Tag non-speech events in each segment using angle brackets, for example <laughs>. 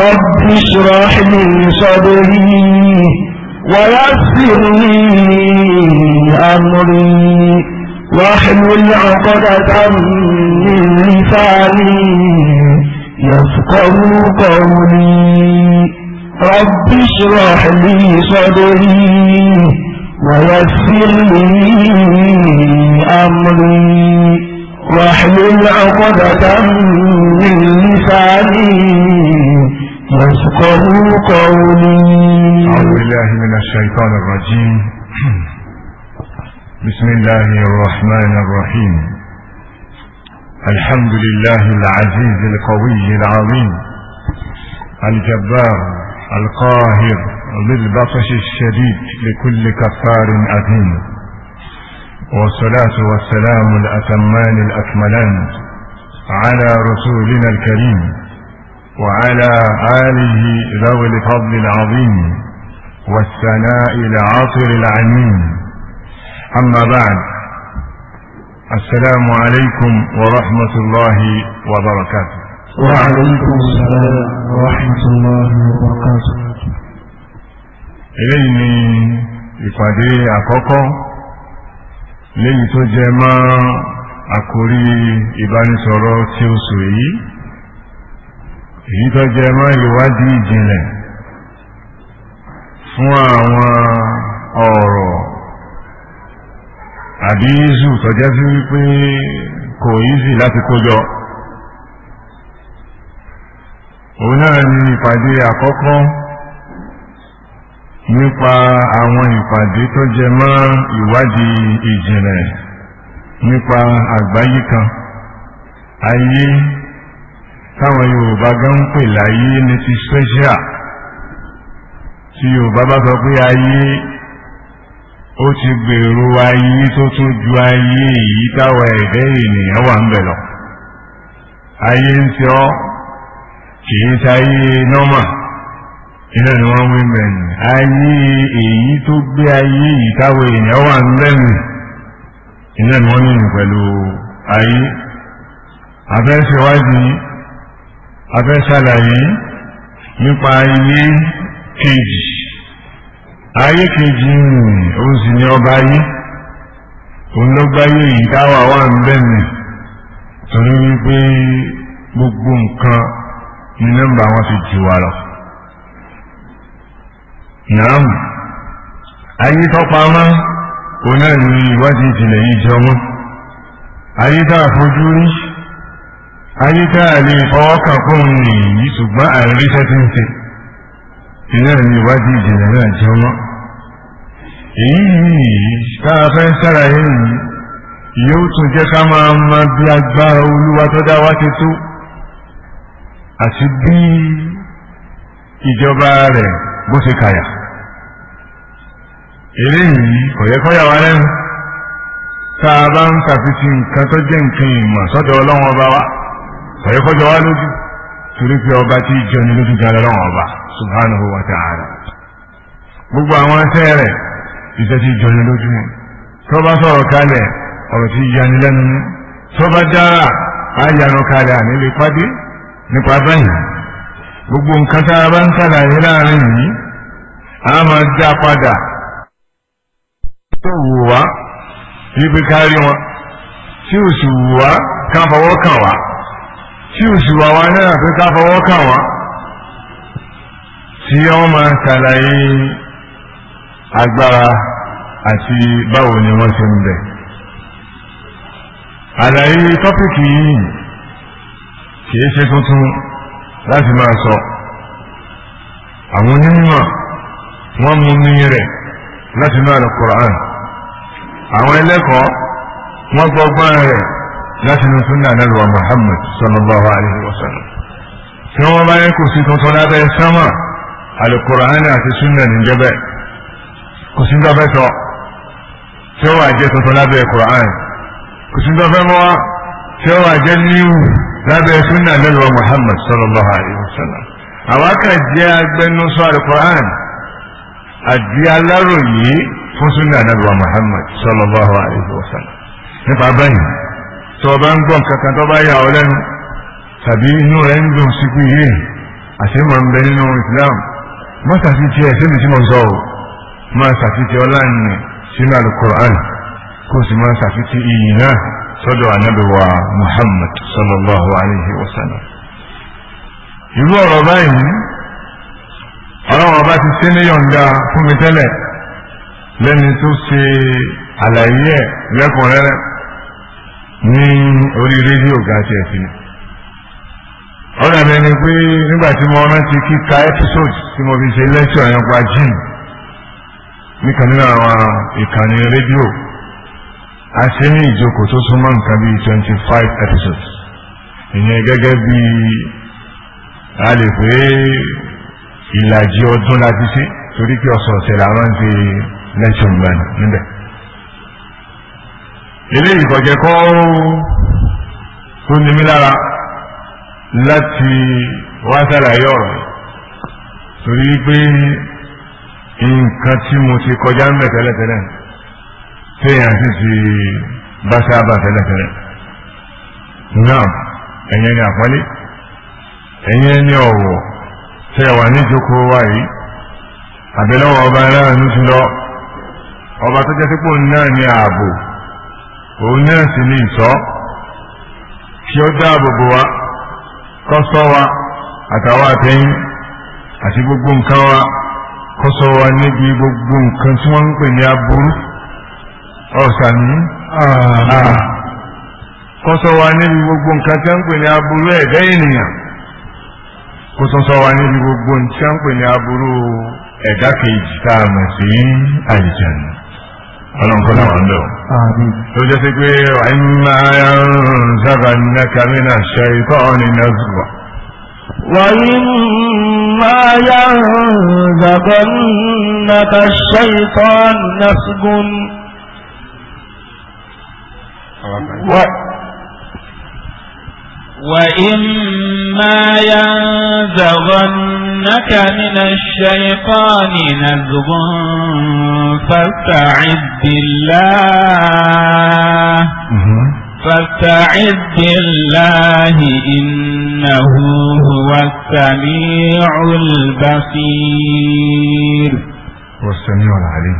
رب اشرح لي صدري ويسر لي أمري واحلل عقدة من لساني يفقه قولي رب اشرح لي صدري ويسر لي أمري واحلل عقدة من من رزقه قولي أعوذ بالله من الشيطان الرجيم <clears throat> بسم الله الرحمن الرحيم الحمد لله العزيز القوي العظيم الجبار القاهر بالبطش الشديد لكل كفار أثيم والصلاة والسلام الأتمان الأكملان على رسولنا الكريم وعلى آله ذوي الفضل العظيم والثناء العاطر العميم أما بعد السلام عليكم ورحمة الله وبركاته وعليكم السلام ورحمة الله وبركاته إليني ìpàdé àkọ́kọ́ لي تجمع àkórí ìbánisọ̀rọ̀ tí ó sò yìí èyí tó jẹ mọ́ ìwádìí ìjìnlẹ̀ fún àwọn ọ̀rọ̀ àbí ìzù tó jẹ́ sí wípé kò ìzì láti kójọ òun náà ni ìpàdé àkọ́kọ́ nípa àwọn ìpàdé tó jẹ mọ́ ìwádìí ìjìnlẹ̀ nípa àgbáyé kan ayé táwọn yorùbá gan ń pè láyé ní ti special tí yorùbá bá sọ pé ayé ó ti gbèrò ayé tó tún ju ayé èyí táwọn ẹ̀dẹ́ ènìyàn wà ń bẹ̀ lọ ayé ń tí ọ́ kìí sáyé nọ́mà iná ni wọ́n wí mẹ́rin ayé èyí tó gbé ayé èyí táwọn ènìyàn wà ń bẹ̀ iná ni wọ́n ní ìrìn pẹ̀lú ayé abẹ́ṣẹ́wádìí abẹ́ṣàlàyé nípa ayé kejì ayé kejì rìn òun sì ní ọba ayé òun ló gbáyé yìí táwa wà ń bẹ̀rẹ̀ torí wípé gbogbo nǹkan ní nọ́mbà wọn ti jù wá lọ. Nàám ayé tọ́pamọ́ òun náà ni ìwádìí ìjìnlẹ̀ yìí jọ mọ́ ayé tá a fojú rí ayé tá a lè fọwọ́ kàn fún un nìyí ṣùgbọ́n àìríṣẹ́ ti ń ṣe ìnáà ni ìwádìí ìjìnlẹ̀ náà jọ èyí yìí tá fẹ́ ṣàlàyé yìí yóò tún jẹ́ ká máa ma bí agbára olúwa tó dá wá ti tó àti bí ìjọba rẹ̀ bó ṣe kàyà. eléyìí kò yẹ lẹ́nu tá a bá ń ṣàfihàn nǹkan tó jẹ́ nǹkan ìmọ̀ sọ́dọ̀ ọlọ́run ọba wa kò yẹ lójú torí pé ọba tí lójú ọba wa ta'ala gbogbo àwọn ẹsẹ̀ rẹ̀ iṣẹ́ tí ìjọ lójú ni tó bá sọ̀rọ̀ kalẹ̀ ọ̀rọ̀ tí yani lẹ́nu ni tó bá dára á kalẹ̀ lè gbogbo tó wù wá wípé kárí wọn tí o sì wù wá ká fọwọ́ kàn wá tí ò sì wà wá náà pé ká fọwọ́ kàn wá tí wọ́n máa ṣàlàyé agbára àti báwo ni wọ́n ṣe ń bẹ̀. àlàyé tọ́pìkì yìí kìí ṣe tuntun láti máa sọ àwọn onímọ̀ wọ́n mú ní rẹ̀ láti máa lọ Kùránì àwọn ẹlẹ́kọ̀ọ́ wọ́n gbọ́ gbọ́n rẹ̀ láti inú súnà nàlùwà Muhammad sallallahu alayhi wa sallam tí wọ́n bá yẹ kò sí tuntun lábẹ́ sámà alukur'ani àti súnà níjẹ́bẹ̀ kò sí dọ́fẹ́ tọ́ tí wọ́n àjẹ́ tuntun lábẹ́ kur'ani kò sí dọ́fẹ́ mọ́ tí wọ́n àjẹ́ níwù lábẹ́ súnà nàlùwà Muhammad sallallahu alayhi wa sallam àwọn akàjẹ́ agbẹnusọ alukur'ani àti aláròyé fún sunna anabi wa muhammad sallallahu alayhi wa sallam nípa báyìí tó o bá ń gbọ́ nǹkan kan tó bá yà ọ́ lẹ́nu tàbí inú rẹ̀ ń dùn sí pé yìí àṣemọ̀ ń bẹ nínú islam má ṣàfihàn tiẹ̀ sẹ́mi tí mo sọ ọ́ má ṣàfihàn ọlá ní sínú alukur'an kó sì má ṣàfihàn iyì náà sọ́dọ̀ anabi muhammad sallallahu alayhi wa sallam. irú ọ̀rọ̀ báyìí ọlọ́run ọba ti sí yọ̀ǹda fún mi tẹ́lẹ̀ lẹ́ni tó ṣe àlàyé ẹ̀ lẹ́kùnrẹ́rẹ́ ní orí rédíò gàtì ẹ̀sìn ó dàbí ẹni pé nígbà tí mo rántí kíka episode tí mo fi ṣe lẹ́tọ̀ yẹn pa jim níkan nínú àwọn ìkànnì rédíò a ṣe ní ìjókòó tó súnmọ́ nǹkan bíi twenty five episodes ìyẹn gẹ́gẹ́ bíi a lè pé ìlàjì ọdún la ti ṣe torí pé ọ̀sọ̀ọ̀sẹ̀ la máa ń ṣe lẹ́tọ̀ ń báyìí níbẹ̀. eléyìí kọjá kọ́ tó ní mi lára láti wá sàlàyé ọ̀rọ̀ torí pé nǹkan tí mo ti kọjá ń bẹ̀ tẹ́lẹ̀tẹ́lẹ̀ téèyàn sì ti bá sábà tẹ́lẹ̀tẹ́lẹ̀ náà ẹ̀yẹn ni àpọ́nlé ẹ̀yẹn ni ọ̀wọ̀ tẹ́ wà ní ìjókòó wa yìí àbẹ̀lọ́wọ̀ ọba aláàánú ti lọ ọba tó jẹ́ sípò náà ní ààbò òun náà sì ní ìṣọ́ kí ó dáàbò bò wá kó ṣọ́ wa àtàwọn àtẹ̀yìn àti gbogbo nǹkan wa kó ṣọ́ wa níbi gbogbo nǹkan tí wọ́n ń pè ní aburú ọ̀sán ní ah. kó wa níbi gbogbo nǹkan tí wọ́n ń pè ní aburú ẹ̀dá ènìyàn kó tún ṣọ́ wa níbi gbogbo nǹkan tí wọ́n ń pè ní aburú ẹ̀dá kejì tá a mọ̀ sí àlìjànnú. وإما ينزغنك من الشيطان نزغ وإما ينزغنك الشيطان نزغ وإما ينزغنك إنك من الشيطان نزغ فاستعذ بالله فاستعذ بالله إنه هو السميع البصير هو السميع العليم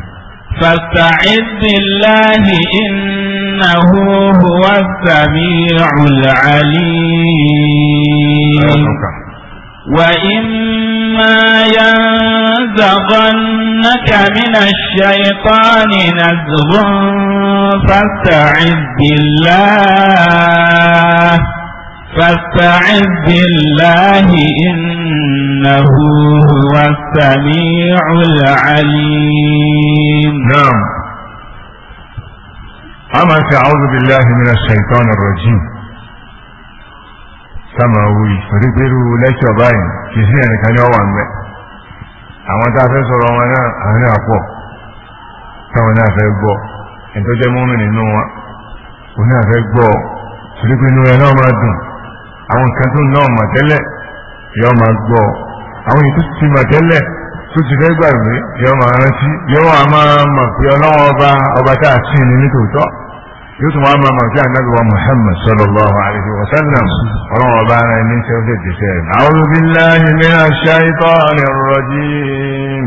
فاستعذ بالله إنه هو السميع العليم وإما ينزغنك من الشيطان نزغ فاستعذ بالله فاستعذ بالله إنه هو السميع العليم نعم أما أعوذ بالله من الشيطان الرجيم sáma wuyì torí pé irú lẹ́kṣọ̀ báyìí kì í sí ẹnìkan ní ọwà àwọn tá a fẹ́ sọ̀rọ̀ wọn náà àwọn náà pọ̀ táwọn náà fẹ́ gbọ́ ìtọ́jẹ́ mọ́mí nínú wọn òun náà fẹ́ gbọ́ torí pé inú rẹ̀ náà máa dùn àwọn nǹkan tó náà mà tẹ́lẹ̀ yọ máa gbọ́ àwọn èyí tó ti mà tẹ́lẹ̀ tó ti fẹ́ gbàgbé yọ máa rántí yọ máa máa mà pé ọlọ́wọ́n ọba ọba tá a sìn ní nítòótọ́. يتم أما من كان نجوى محمد صلى الله عليه وسلم ورمى بانا من شوفة الشيطان أعوذ بالله من الشيطان الرجيم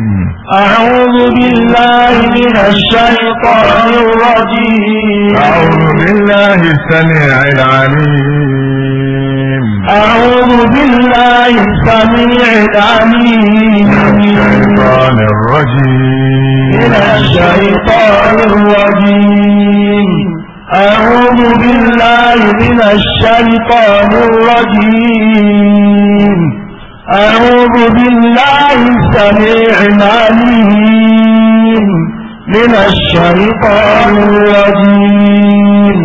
أعوذ بالله من الشيطان الرجيم أعوذ بالله السميع العليم أعوذ بالله السميع العليم من الشيطان الرجيم من الشيطان الرجيم أعوذ بالله من الشيطان الرجيم أعوذ بالله السميع العليم من الشيطان الرجيم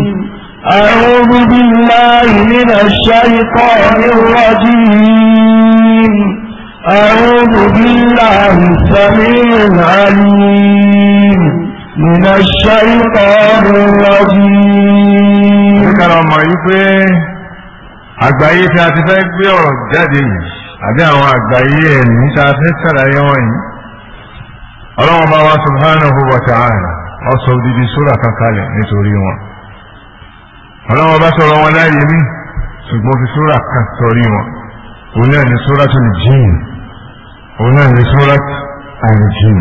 أعوذ بالله من الشيطان الرجيم أعوذ بالله السميع العليم من الشيطان الرجيم ذكر ọmọ yìí pé àgbáyé tí a ti fẹ́ gbé ọ̀rọ̀ jáde yìí àbí àwọn àgbáyé ẹ̀mí tí a fẹ́ sàlàyé wọn yìí ọlọ́wọ́n bá wa subhanahu wa ta'ala ọ̀sọ̀ òdìdí sóra kankalẹ̀ nítorí wọn ọlọ́wọ́n bá sọ̀rọ̀ wọn láàyè mí ṣùgbọ́n fi sóra kan sọ̀rí wọn òun náà ní sóra tó lè jìn òun náà ní sóra àìjìn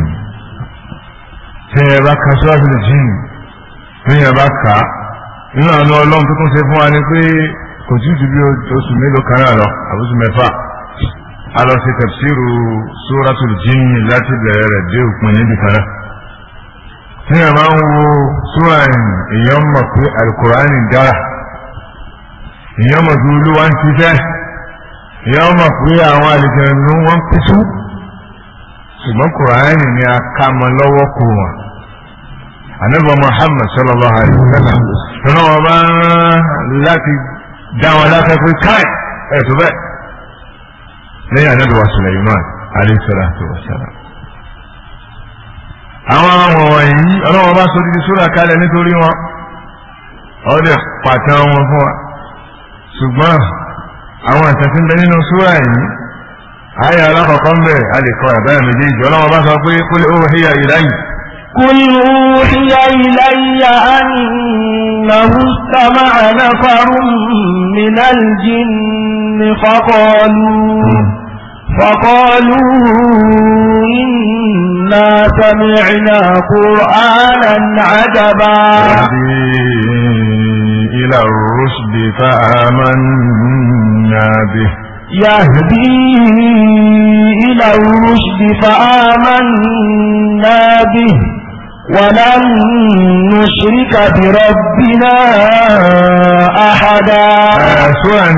tẹ ẹ bá ka sọ́ọ́sì lè jìn ní ẹ bá kà á nínú àná ọlọ́run tó tún ṣe fún wa ni pé kò tí ì ju bí oṣù mélòó kan náà lọ àbúṣù mẹ́fà a lọ sí tafsiru suratul jinn láti bẹ̀rẹ̀ rẹ̀ dé òpin níbi kan náà tí ẹ máa ń wo sóra èèyàn mọ̀ pé alukur'ani dára èèyàn mọ̀ pé olúwa ń ṣiṣẹ́ èèyàn mọ̀ pé àwọn àlejò ẹnu wọn ń pẹ̀sùn ṣùgbọ́n kùránì ni a ká mọ lọ́wọ́ kù wọn anabi muhammad sallallahu alayhi wa sallam tọ́nà wọn bá láti dá wọn láti pé káì ẹ̀ tó bẹ́ẹ̀ lẹ́yìn anabi wa suleiman alayhi salatu wa sallam. àwọn àwọn wọ̀nyí ọlọ́wọ́n bá sọ títí sóra kalẹ̀ nítorí wọn ó lè pàtàn wọn fún wa ṣùgbọ́n àwọn àtàtì ń bẹ nínú sóra yìí. هيا لك قمبي هل يكون بام جيد ولا بس أقول قل أوحي إلي قل أوحي إلي أنه استمع نفر من الجن فقالوا فقالوا إنا سمعنا قرآنا عجبا إلى الرشد فآمنا به يهدي إلى الرشد فآمنا به ولن نشرك بربنا أحدا سؤال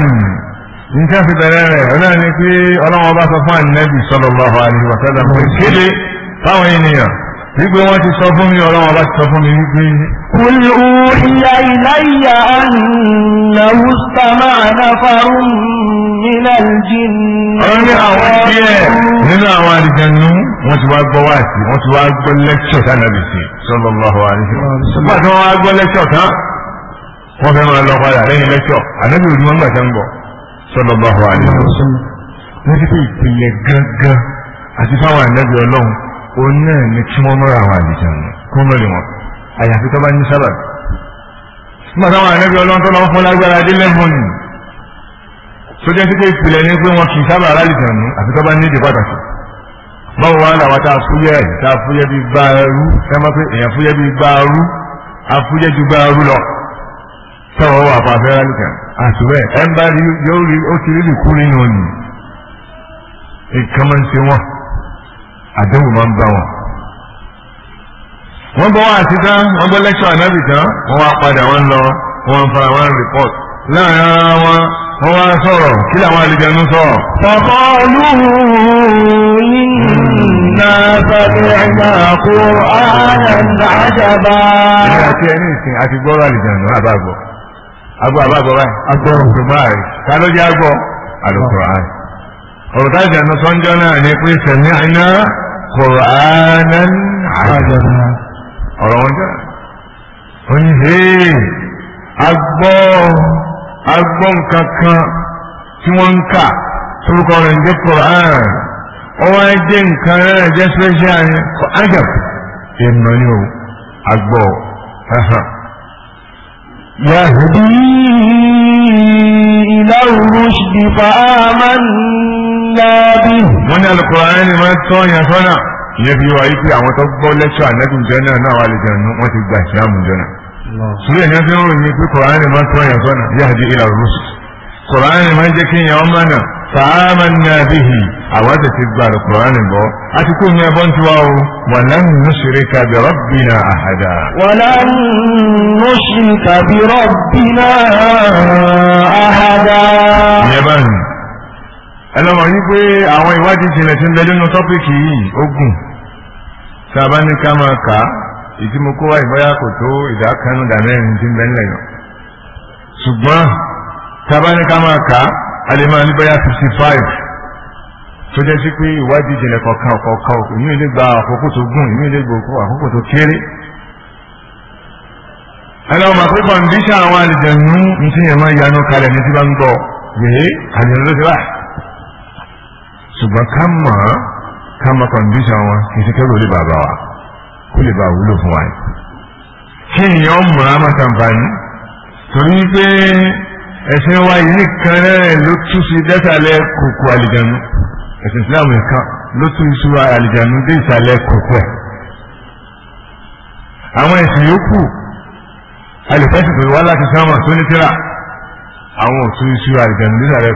إن كان في بلاء هنا نكي ألا وضع صفان النبي صلى الله عليه وسلم ويسكيلي فأويني يا wípé wọ́n ti sọ fún mi ọlọ́wọ́ bá ti sọ fún mi wípé. kùlù ìyá ìláyà ànàwó sàmà àdáfàrú nílẹ̀ jìn. ọ̀rọ̀ ní àwọn díẹ̀ nínú àwọn àdìjẹnu wọ́n ti wá gbọ́ wá sí wọ́n ti wá gbọ́ lẹ́kṣọ̀ tánàbì sí sallallahu alaihi wasallam. wọ́n ti wá gbọ́ lẹ́kṣọ̀ tán wọ́n fẹ́ máa lọ padà lẹ́yìn lẹ́kṣọ̀ ànábì òdi wọn gbàtẹ́ òun náà ni kí wọ́n mọ́ra àwọn àlìjànù kó mọ́lẹ̀ wọn àyàfi tó bá ní sábà nígbà táwọn ànábì ọlọ́run tó lọ́wọ́ fún lágbára dé lẹ́hùn sójẹ́ sí pé ìpìlẹ̀ ni pé wọn kì í sábà àlìjànù àfi tó bá ní ìdí pàtàkì báwo wá làwọn tá a fúyẹ́ ẹ̀ tá a fúyẹ́ bí gbá ẹrú ẹ má pé èèyàn fúyẹ́ bí gbá ẹrú a fúyẹ́ ju gbá ẹrú lọ tọ́wọ́ wà fún abẹ́rẹ́ àlìjànù àtúbẹ̀ ẹ̀ ń bá yóò rí ó ti rí ìkú nínú òní ìkànnì ti wọn. àdéhùn máa ń bá wọn. wọ́n bọ́ wá àti tán wọ́n bọ́ ànábì tán wọ́n wá padà wọ́n lọ wọ́n fara wọ́n rìpọ́t ara wọn wọ́n wá sọ̀rọ̀ kí làwọn àlejò sọ̀rọ̀. bàbá iná ààrẹ àjàbá. ẹni ìsìn àti gbọ́rọ̀ àlejò àbàgbọ́ àbàgbọ́ báyìí. àlùkò قرآنا عجبا ọ̀rọ̀ wọn jẹ́ oníṣe agbọ́ agbọ́ nǹkan kan tí wọ́n ń kà torúkọ rẹ̀ ń jẹ́ Qur'an ọwọ́ ẹjẹ́ nǹkan rẹ̀ jẹ́ special yẹn ajab èèmọ̀ ni o agbọ́ yahudi ila rushd fa إلا به من القرآن ما توني صنع في وعيكي عما تقول لك أنكم جنة نوع لجنة وتبقى شام جنة سورة يفين وعيكي القرآن ما توني صنع يهدي إلى الرسل القرآن ما جكي يومنا فآمنا به أود تبقى القرآن بو أتكون يا بنت واو ولن نشرك بربنا أحدا ولن نشرك بربنا أحدا يا بنت ẹlọmọ yìí pé àwọn ìwádìí ìjìnlẹ̀ ti ń bẹ lónìí tọ́pìkì yìí ó gùn tá a bá ní ká máa kà á ìdí mo kó wá ìbáyà kò tó ìdá kan mẹ́rin ti ń bẹ nílẹ̀ yọ ṣùgbọ́n tá a bá ní ká máa kà á a lè máa ní báyà fifty five tó jẹ́ sí pé ìwádìí ìjìnlẹ̀ kọ̀ọ̀kan kọ̀ọ̀kan ìmí ilé gba àkókò tó gùn ìmí ilé gba àkókò tó kéré ẹlọ́wọ́ máa pé kọ̀ǹdíṣà àwọn àlìjẹ̀nú ní ti yẹn máa yanu ṣùgbọ́n ká mọ̀ ọ́ ká mọ̀ kọ̀ǹdíṣàn wọn kì í ṣe kẹ́rù lè bàbá wa kó lè bá wúlò fún wa yìí. kí èèyàn mọ̀ á máa ṣàǹfààní torí pé ẹ̀sìn wa yìí nìkan rẹ̀ ló tú sí dẹ́sàlẹ̀ kòkó àlìjánu ẹ̀sìn Islam nìkan ló tú sí àlìjánu dé ìsàlẹ̀ ẹ̀. àwọn ẹ̀sìn yòókù alùpàṣẹ tó wá láti sáwọn tó àwọn ò sí àlìjánu dé ìsàlẹ̀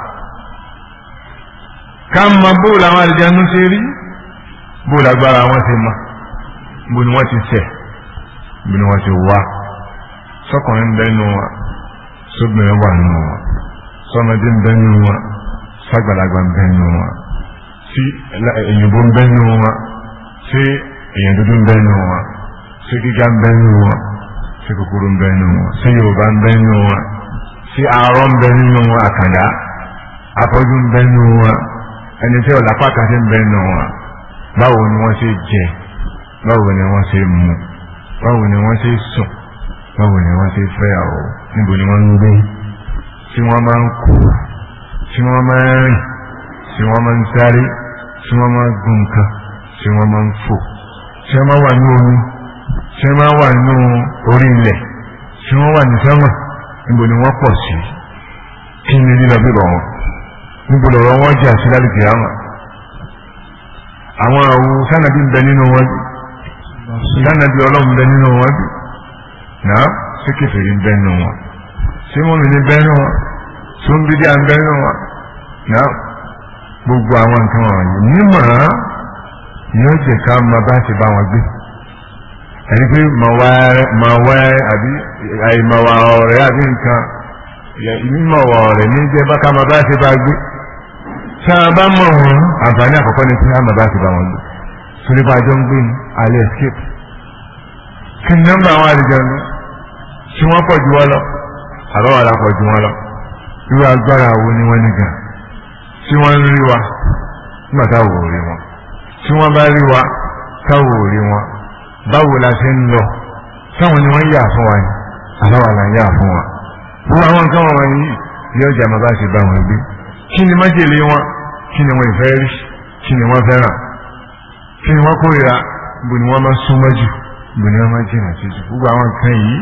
Kama mọ bóòlù àwọn àlìjánu ṣe rí bóòlù agbára wọn ti mọ bó ni wọn ti tẹ bó ni wọn ti wá sọkùnrin ń bẹ nù wọn sóbìnrin wà nù wọn sọmọdé ń bẹ nù wọn sàgbàlagbà ń bẹ nù wọn sí èyìnbó ń bẹ nù wọn sí èyàn dúdú ń bẹ sí gíga ń bẹ sí kúkúrú ń bẹ sí yorùbá ń bẹ sí arọ ń bẹ àkàndá afọjú ń bẹ ẹni tí ọ̀la pàtàkì ń bẹ nù wọn báwo ni wọ́n ṣe jẹ báwo ni wọ́n ṣe mu báwo ni wọ́n ṣe sùn báwo ni wọ́n ṣe fẹ́yàwó níbo ni wọ́n ń gbé tí wọ́n máa ń kú tí wọ́n máa ń rìn tí wọ́n máa ń sáré tí wọ́n máa ń gun nǹkan tí wọ́n máa ń fò tí wọ́n máa wà ní omi tí wọ́n máa wà ní orí ilẹ̀ tí wọ́n wà ní sánmà níbo ni wọ́n pọ̀ sí kí ni lílọ bíbọ̀ wọn níbo lọ̀rọ̀ wọn jẹ́ àṣírí kìámà àwọn àwù sànàbí ń bẹ nínú wọn bí sànàbí ọlọ́run bẹ nínú wọn bí náà ṣé kẹfìrí ń bẹ nínú wọn ṣé mọ́mí ní bẹ nínú wọn tó ń bídí à ń bẹ nínú wọn náà gbogbo àwọn nǹkan wọ̀nyí mímọ́ yóò jẹ́ ká máa bá ti bá wọn gbé ẹni pé màá wá àbí àìmọ̀wà ọ̀rẹ́ àbí nǹkan mímọ̀wà ọ̀rẹ́ ní jẹ́ bá ká máa bá ti bá gbé tá a bá mọ̀ wọ́n àǹfààní àkọ́kọ́ ni tí a máa bá ti bá wọn lò torí bá a jọ ń gbé ní alẹ́ escape kí ni nọ́mbà àwọn àlejànú tí wọ́n pọ̀ ju wọn lọ àbáwọ̀ la pọ̀ ju wọn lọ irú agbára wo ni wọ́n ní gan tí wọ́n ń rí wa nígbà táwọn ò rí wọn tí wọ́n bá rí wa táwọn ò rí wọn báwo la ṣe ń lọ táwọn ni wọ́n yà fún wa ni àbáwọ̀ yà fún wa gbogbo àwọn nǹkan wọ̀nyí yóò jà máa bá ṣe bá wọn gbé kí ni májèlé wọn kí ni wọn ìfẹ́ rí kí ni wọn fẹ́ràn kí ni wọn kórìíra bò ni wọn máa súnmọ́ jù bò ni wọn máa jìnà sí jù gbogbo àwọn nǹkan yìí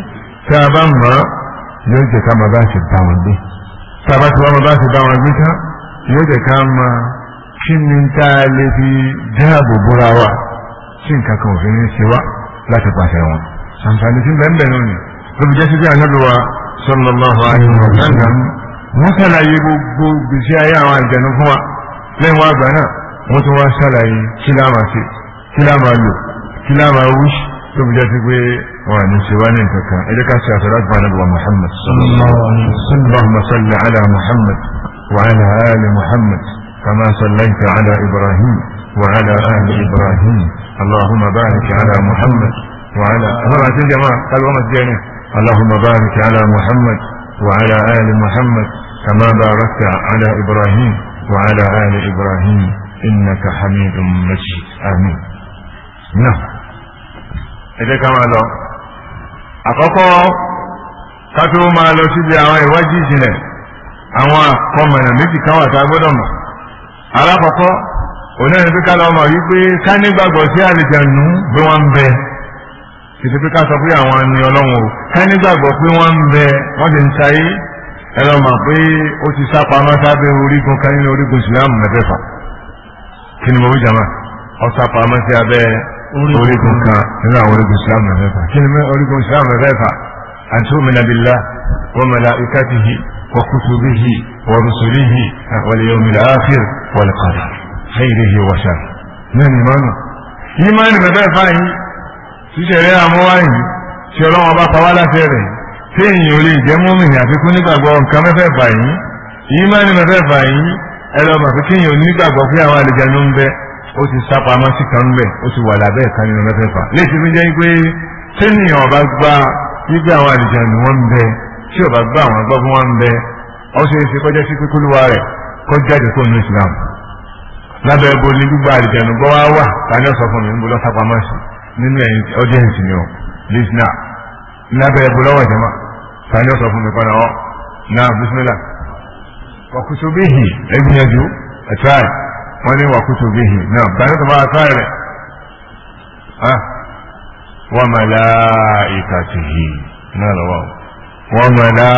tá a bá mọ̀ yóò jẹ́ ká máa bá ṣe bá wọn gbé tá a bá ti wá máa bá ṣe bá wọn gbé tán yóò jẹ́ ká máa kí ni tá a lè fi dáàbò bóra wa tí nǹkan kan òfin ní ṣe wá láti pàṣẹ wọn àǹfààní tí bẹ́ẹ̀ bẹ́ẹ̀ náà ni ló jẹ́ sí pé ànábì wa sallallahu alaihi wa wọ́n ṣàlàyé gbogbo gbèsè ayé àwọn àjẹnú fún wa lẹ́yìn wá àgbà náà wọ́n tún wá ṣàlàyé kí láàmà ṣe kí láàmà lò kí láàmà wí tó fi jẹ́ sí pé wọ́n ní ṣe wá ní nǹkan kan ẹ jẹ́ ká ṣe àṣàrà àgbà náà Muhammad allahumma salli ala Muhammad wa ala ali Muhammad kama sallaita ala Ibrahim wa ala ali Ibrahim allahumma barik ala Muhammad wa ala. àwọn àti jama kálí wọn ti jẹ ní. allahumma barik ala Muhammad. وعلى آل محمد كما باركت على إبراهيم وعلى آل إبراهيم إنك حميد مجيد آمين نعم إذا كما لو أقوى كتو ما لو سيدي أوي وجي جنة أوى قمنا مجي كما تابدو على فقو onáyẹ̀dúkà lọ́mọ yìí pé ká nígbàgbọ́ sí àlejò ànú bí wọ́n kìí ṣe pé ká sọ pé àwọn ni ọlọ́run o ẹ nígbàgbọ́ pé wọ́n ń bẹ wọ́n ti ń ṣayé ẹ lọ mọ̀ pé ó ti sá pamọ́ sábẹ́ orígun kan nínú orígun ìsìlámù mẹ́fẹ̀ẹ̀fà kí ni mo wí jàmá ọ sá pamọ́ sí abẹ́ orígun kan nínú àwọn orígun ìsìlámù mẹ́fẹ̀ẹ̀fà kí ni orígun ìsìlámù mẹ́fẹ̀ẹ̀fà an tu'mina billahi wa malaikatihi wa kutubihi wa rusulihi wal yawmil akhir wal qadar khayrihi wa sharrihi. ní ṣíṣẹ̀rẹ́ àmúwáyé tí ọlọ́wọ́n bá pa wá láti rẹ̀ tí èyàn ò lè jẹ́ mọ́mìnì àfikún nígbàgbọ́ nǹkan mẹ́fẹ́ mẹ́fẹ́ kí èyàn nígbàgbọ́ pé àwọn àlejò ń bẹ ó ti sí kan ń bẹ ó ti wà lábẹ́ nínú mẹ́fẹ́ fà léṣe ọba gba gbígbé àwọn àlejò ẹnu wọn ń bẹ tí ọba gba àwọn gbọ́ fún wọn ń bẹ ṣe é ṣe kọjá sí pípínlúwa kọjá ìdẹ́kùn nu Islam lábẹ́ bo ní gbígbà àlejò ẹnu gbọ́ wá wà tani nínú ẹ̀yin audience ni o listener lábẹ́ ẹ̀bù lọ́wọ́ ìjọba sani ọ̀sọ̀ fún mi kọ́ náà náà bisimilá wàkútù bíhì ẹgbìyànjú ẹ̀tráì wọ́n ní wàkútù bíhì náà báyìí tó bá ẹ̀tráì rẹ̀ wọ́n mọ̀lá ìkàtìhì náà lọ́wọ́ wọ́n mọ̀lá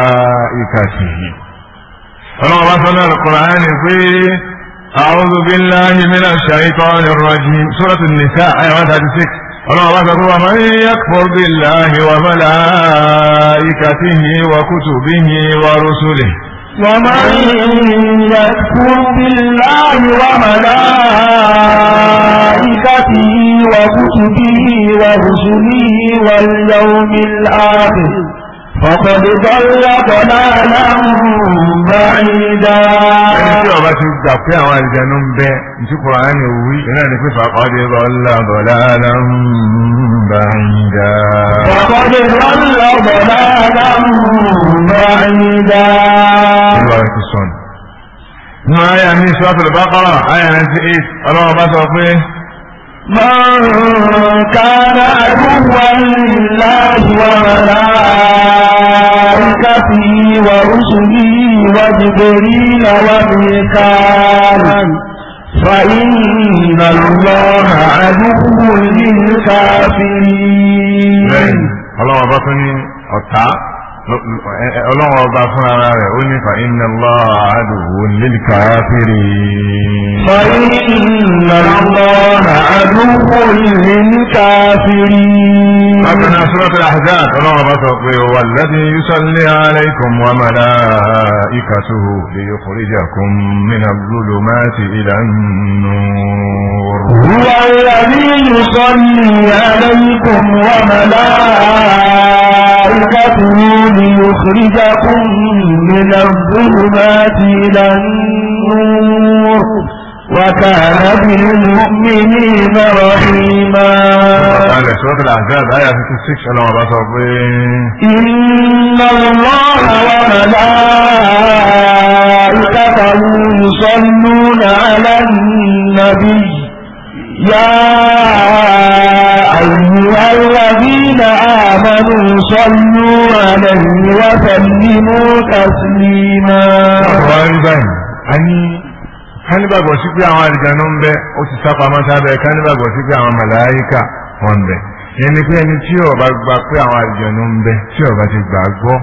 ìkàtìhì ọlọ́wọ́ bá sọ́nà al-Qur'an pé أعوذ بالله من الشيطان الرجيم سورة النساء آية 136 قال الله ومن يكفر بالله وملائكته وكتبه ورسله ومن يكفر بالله وملائكته وكتبه ورسله واليوم الآخر Ọ̀pọ̀dé bọ́lá bọ́lá aláàmùbá ìdá. Ẹni tí ọba ti gbà pé àwọn àlìjẹnu ń bẹ, ìtí Kùránì òwú ìrìnà ní pípa ọ̀pọ̀dé bọ́lá bọ́lá aláàmùbá ìdá. Ọ̀pọ̀dé bọ́lá bọ́lá aláàmùbá ìdá. Ìlú àrẹ ti sọnù. Nínú ayé àmì ìṣúra tó lè bá kọ́ra, ayé àrẹ ti 8, ọlọ́wọ́ bá sọ pé. من كان عدوا لله وملائكته ورسله وجبريل وميكال فإن الله عدو للكافرين. ọlọ́wọ́ bá tún ní ọ̀tá ọlọ́run ọba fún ara rẹ̀ ó ní fa iná lọ àdùgbò lílì káfíìrì. fa iná lọ àdùgbò lílì káfíìrì. مثلا سورة الأحزاب رغبة هو الذي يصلي عليكم وملائكته ليخرجكم من الظلمات إلى النور هو الذي يصلي عليكم وملائكته ليخرجكم من الظلمات إلى النور وكان بالمؤمنين رحيما وقال سورة الأحزاب آية 56 لما بصر إن الله وملائكته يصلون على النبي يا أيها الذين آمنوا صلوا عليه وسلموا تسليما. الله أني Kaniba gosi pé àwọn àlìjánu ń bẹ ó ti sápa máa sábẹ́ kánígbàgbọ́ sí pé àwọn màláyíkà wọ́n ń bẹ ẹni pé ẹni tí ó bá gbà pé àwọn àlìjánu ń bẹ tí ó bá ti gbà gbọ́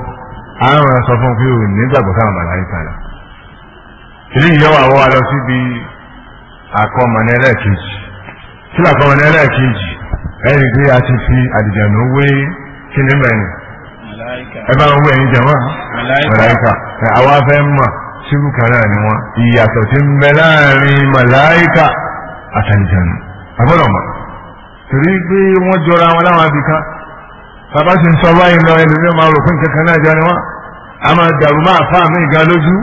àwọn sọ fún pé ò ní gbàgbọ́ sáwọn màláyíkà náà ilé ìyẹ́wò àwọ̀ wa lọ síbi àkọmọ̀nà ẹlẹ́ẹ̀kejì tí àkọmọ̀nà ẹlẹ́ẹ̀kejì ẹni pé a ti fi àlìjánu wé kíní mẹ́rin ẹ bá wọn wé ẹ̀yin jẹ̀wọ́n màláyíkà àwa fẹ́ mọ̀ síbù kan náà ni wọn ìyàtọ̀ ti ń bẹ láàrin màláìkà àtàlìjànù agbọ́dọ̀ mọ̀ torí pé wọ́n jọra wọn láwọn abìkan bàbá sì ń sọ báyìí lọ ẹlòmíràn máa rò pé nǹkan kan náà jọ ni wọn a máa dàrú máa fá àmì ìga lójú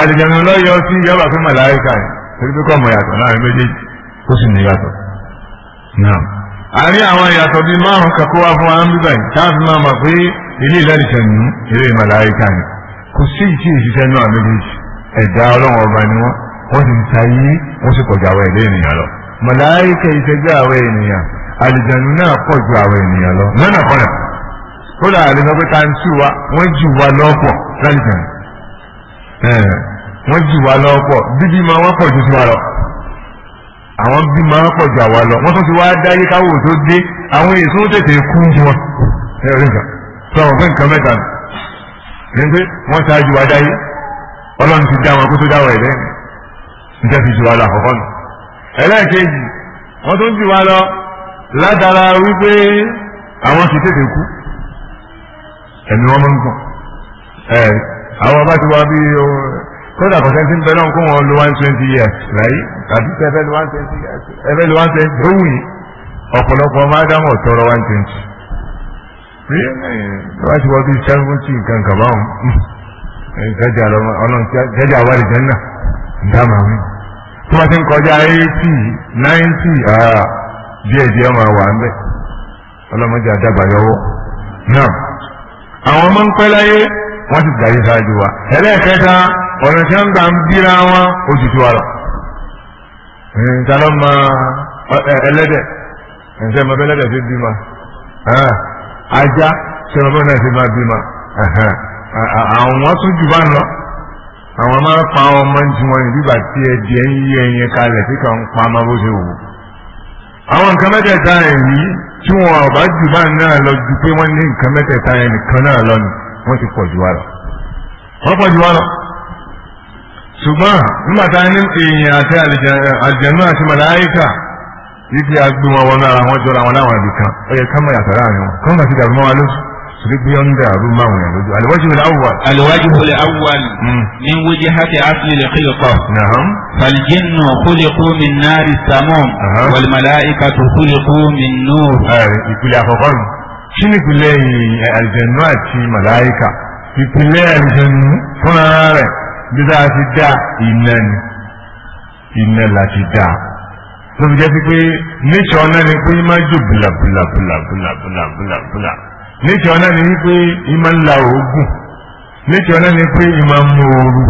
àlìjànù lọ́yọ̀ sí yọba fún màláìkà yìí torí pé kọ́ mọ̀ yàtọ̀ láàrin méjèèjì ó sì ní yàtọ̀ náà àárín àwọn ìyàtọ̀ bíi márùn-ún kakó wá fún wa ń bíbẹ̀ táà fi máa mọ̀ pé ilé ìlànìjànù kò sí ìtì ìṣiṣẹ́ náà méjèèjì ẹ̀dá ọlọ́run ọba ni wọ́n wọ́n sì ń sayé wọ́n sì kọjá àwọn ẹ̀dá ènìyàn lọ. màláíkà ìṣẹ́jú àwọn ènìyàn àlìjànú náà pọ̀ ju àwọn ènìyàn lọ lọ́nà kọ́nà kódà àlè sọ pé ta ń tù wá wọ́n jù wá lọ́pọ̀ lálìjànú wọ́n jù wá lọ́pọ̀ bíbí máa wọ́n pọ̀ ju tiwa lọ àwọn bí máa ń pọ̀ ju àwa lọ wọ́n tún ti wá dáyé káwọ́ tó dé àwọn èso tètè kú ju wọn. ẹ rí nǹkan sọ wọn pé nǹkan mẹ́ta ni ní pé wọ́n ṣáájú wa dáyé ọlọ́run ti dá wọn kó tó dá wọn ẹ̀lẹ́yìn níjẹ́ fi jù wá lọ àkọ́kọ́ nù. ẹlẹ́ẹ̀kejì wọ́n tún jù wá lọ ládàra wípé àwọn ti tètè kú ẹ̀mí wọn máa ń gbọ̀n ẹ̀ àwọn bá ti wá bí kódà kọ̀sẹ́ntì ń bẹ náà kó wọn lo one twenty years láyé tàbí tẹ́ ẹ fẹ́ lo one twenty years ẹ fẹ́ lo one twenty ó wù yìí ọ̀pọ̀lọpọ̀ máa dáhùn ọ̀tọ́rọ̀ one twenty wọ́n eh, ti wọ́n ti sẹ́fúntì nǹkan kàbá wọn eh, jẹjà lọ́mọ ọlọ́run jẹjà wà lè jẹ́nà dáàmà mi tí wọ́n ti ń kọjá eighty ninety díẹ̀ díẹ̀ máa wà ń bẹ̀ ọlọ́mọdé àdàbà yọwọ́ náà àwọn ọmọ ń pẹ́ láyé wọ́n ti dàrí ṣáájú wa ẹlẹ́ẹ̀kẹta ọ̀nà tí wọ́n gbà ń bíra wọn oṣù tí wà lọ. Eh, ta ló ma ẹlẹ́dẹ̀ ẹ̀ ń sẹ́ ma bẹ́lẹ́dẹ̀ tó bí ma. Ah ajá ṣẹlẹ̀bọ́n náà ti máa bímọ àwọn wọn tún jù bá ń lọ àwọn máa pa ọmọ ní tiwọn ní bíbà tí ẹdìẹ ń yí ẹyin kalẹ̀ tí kàn ń pa ọmọ bó ṣe wù. àwọn nǹkan mẹ́tẹ̀ẹ̀ta ẹ̀rí tí wọn ọ̀bá jù bá náà lọ ju pé wọ́n ní nǹkan mẹ́tẹ̀ẹ̀ta ẹ̀ nìkan náà lọ ni wọ́n ti pọ̀ jù wá lọ. wọ́n pọ̀ jù wá lọ. ṣùgbọ́n nígbà tá èèyàn àti àlìjẹ̀nú àti màláyíkà wípé a gbé wọn wọnú ara wọn jọra wọn láwọn ibì kan ó yẹ kámọ yàtọ̀ láàrin wọn kọ́ńtà ti dàbí mọ́ wa lóṣù torí pé ó ń dà àbí máa wọ̀nyàn lójú àlùwájú ilẹ̀ awwal. àlùwájú ilẹ̀ awwal ní wíjì hàtì asli lè kí lóko. faljinnu khuliqu min nari samum wal malaikatu khuliqu min nur. ìpìlẹ̀ àkọ́kọ́ nù kí ni ìpìlẹ̀ àlùjànnú àti màláìka ìpìlẹ̀ àlùjànnú fúnra rẹ̀ bí dáa ti dá ìnà ni ìnà láti dáa ló fi jẹ́ sí pé nature náà ni pé má jò bùlàbùlàbùlàbùlàbùlà nature náà ni pé ìmọ̀ ńlá òògùn nature náà ni pé ìmọ̀ mú ooru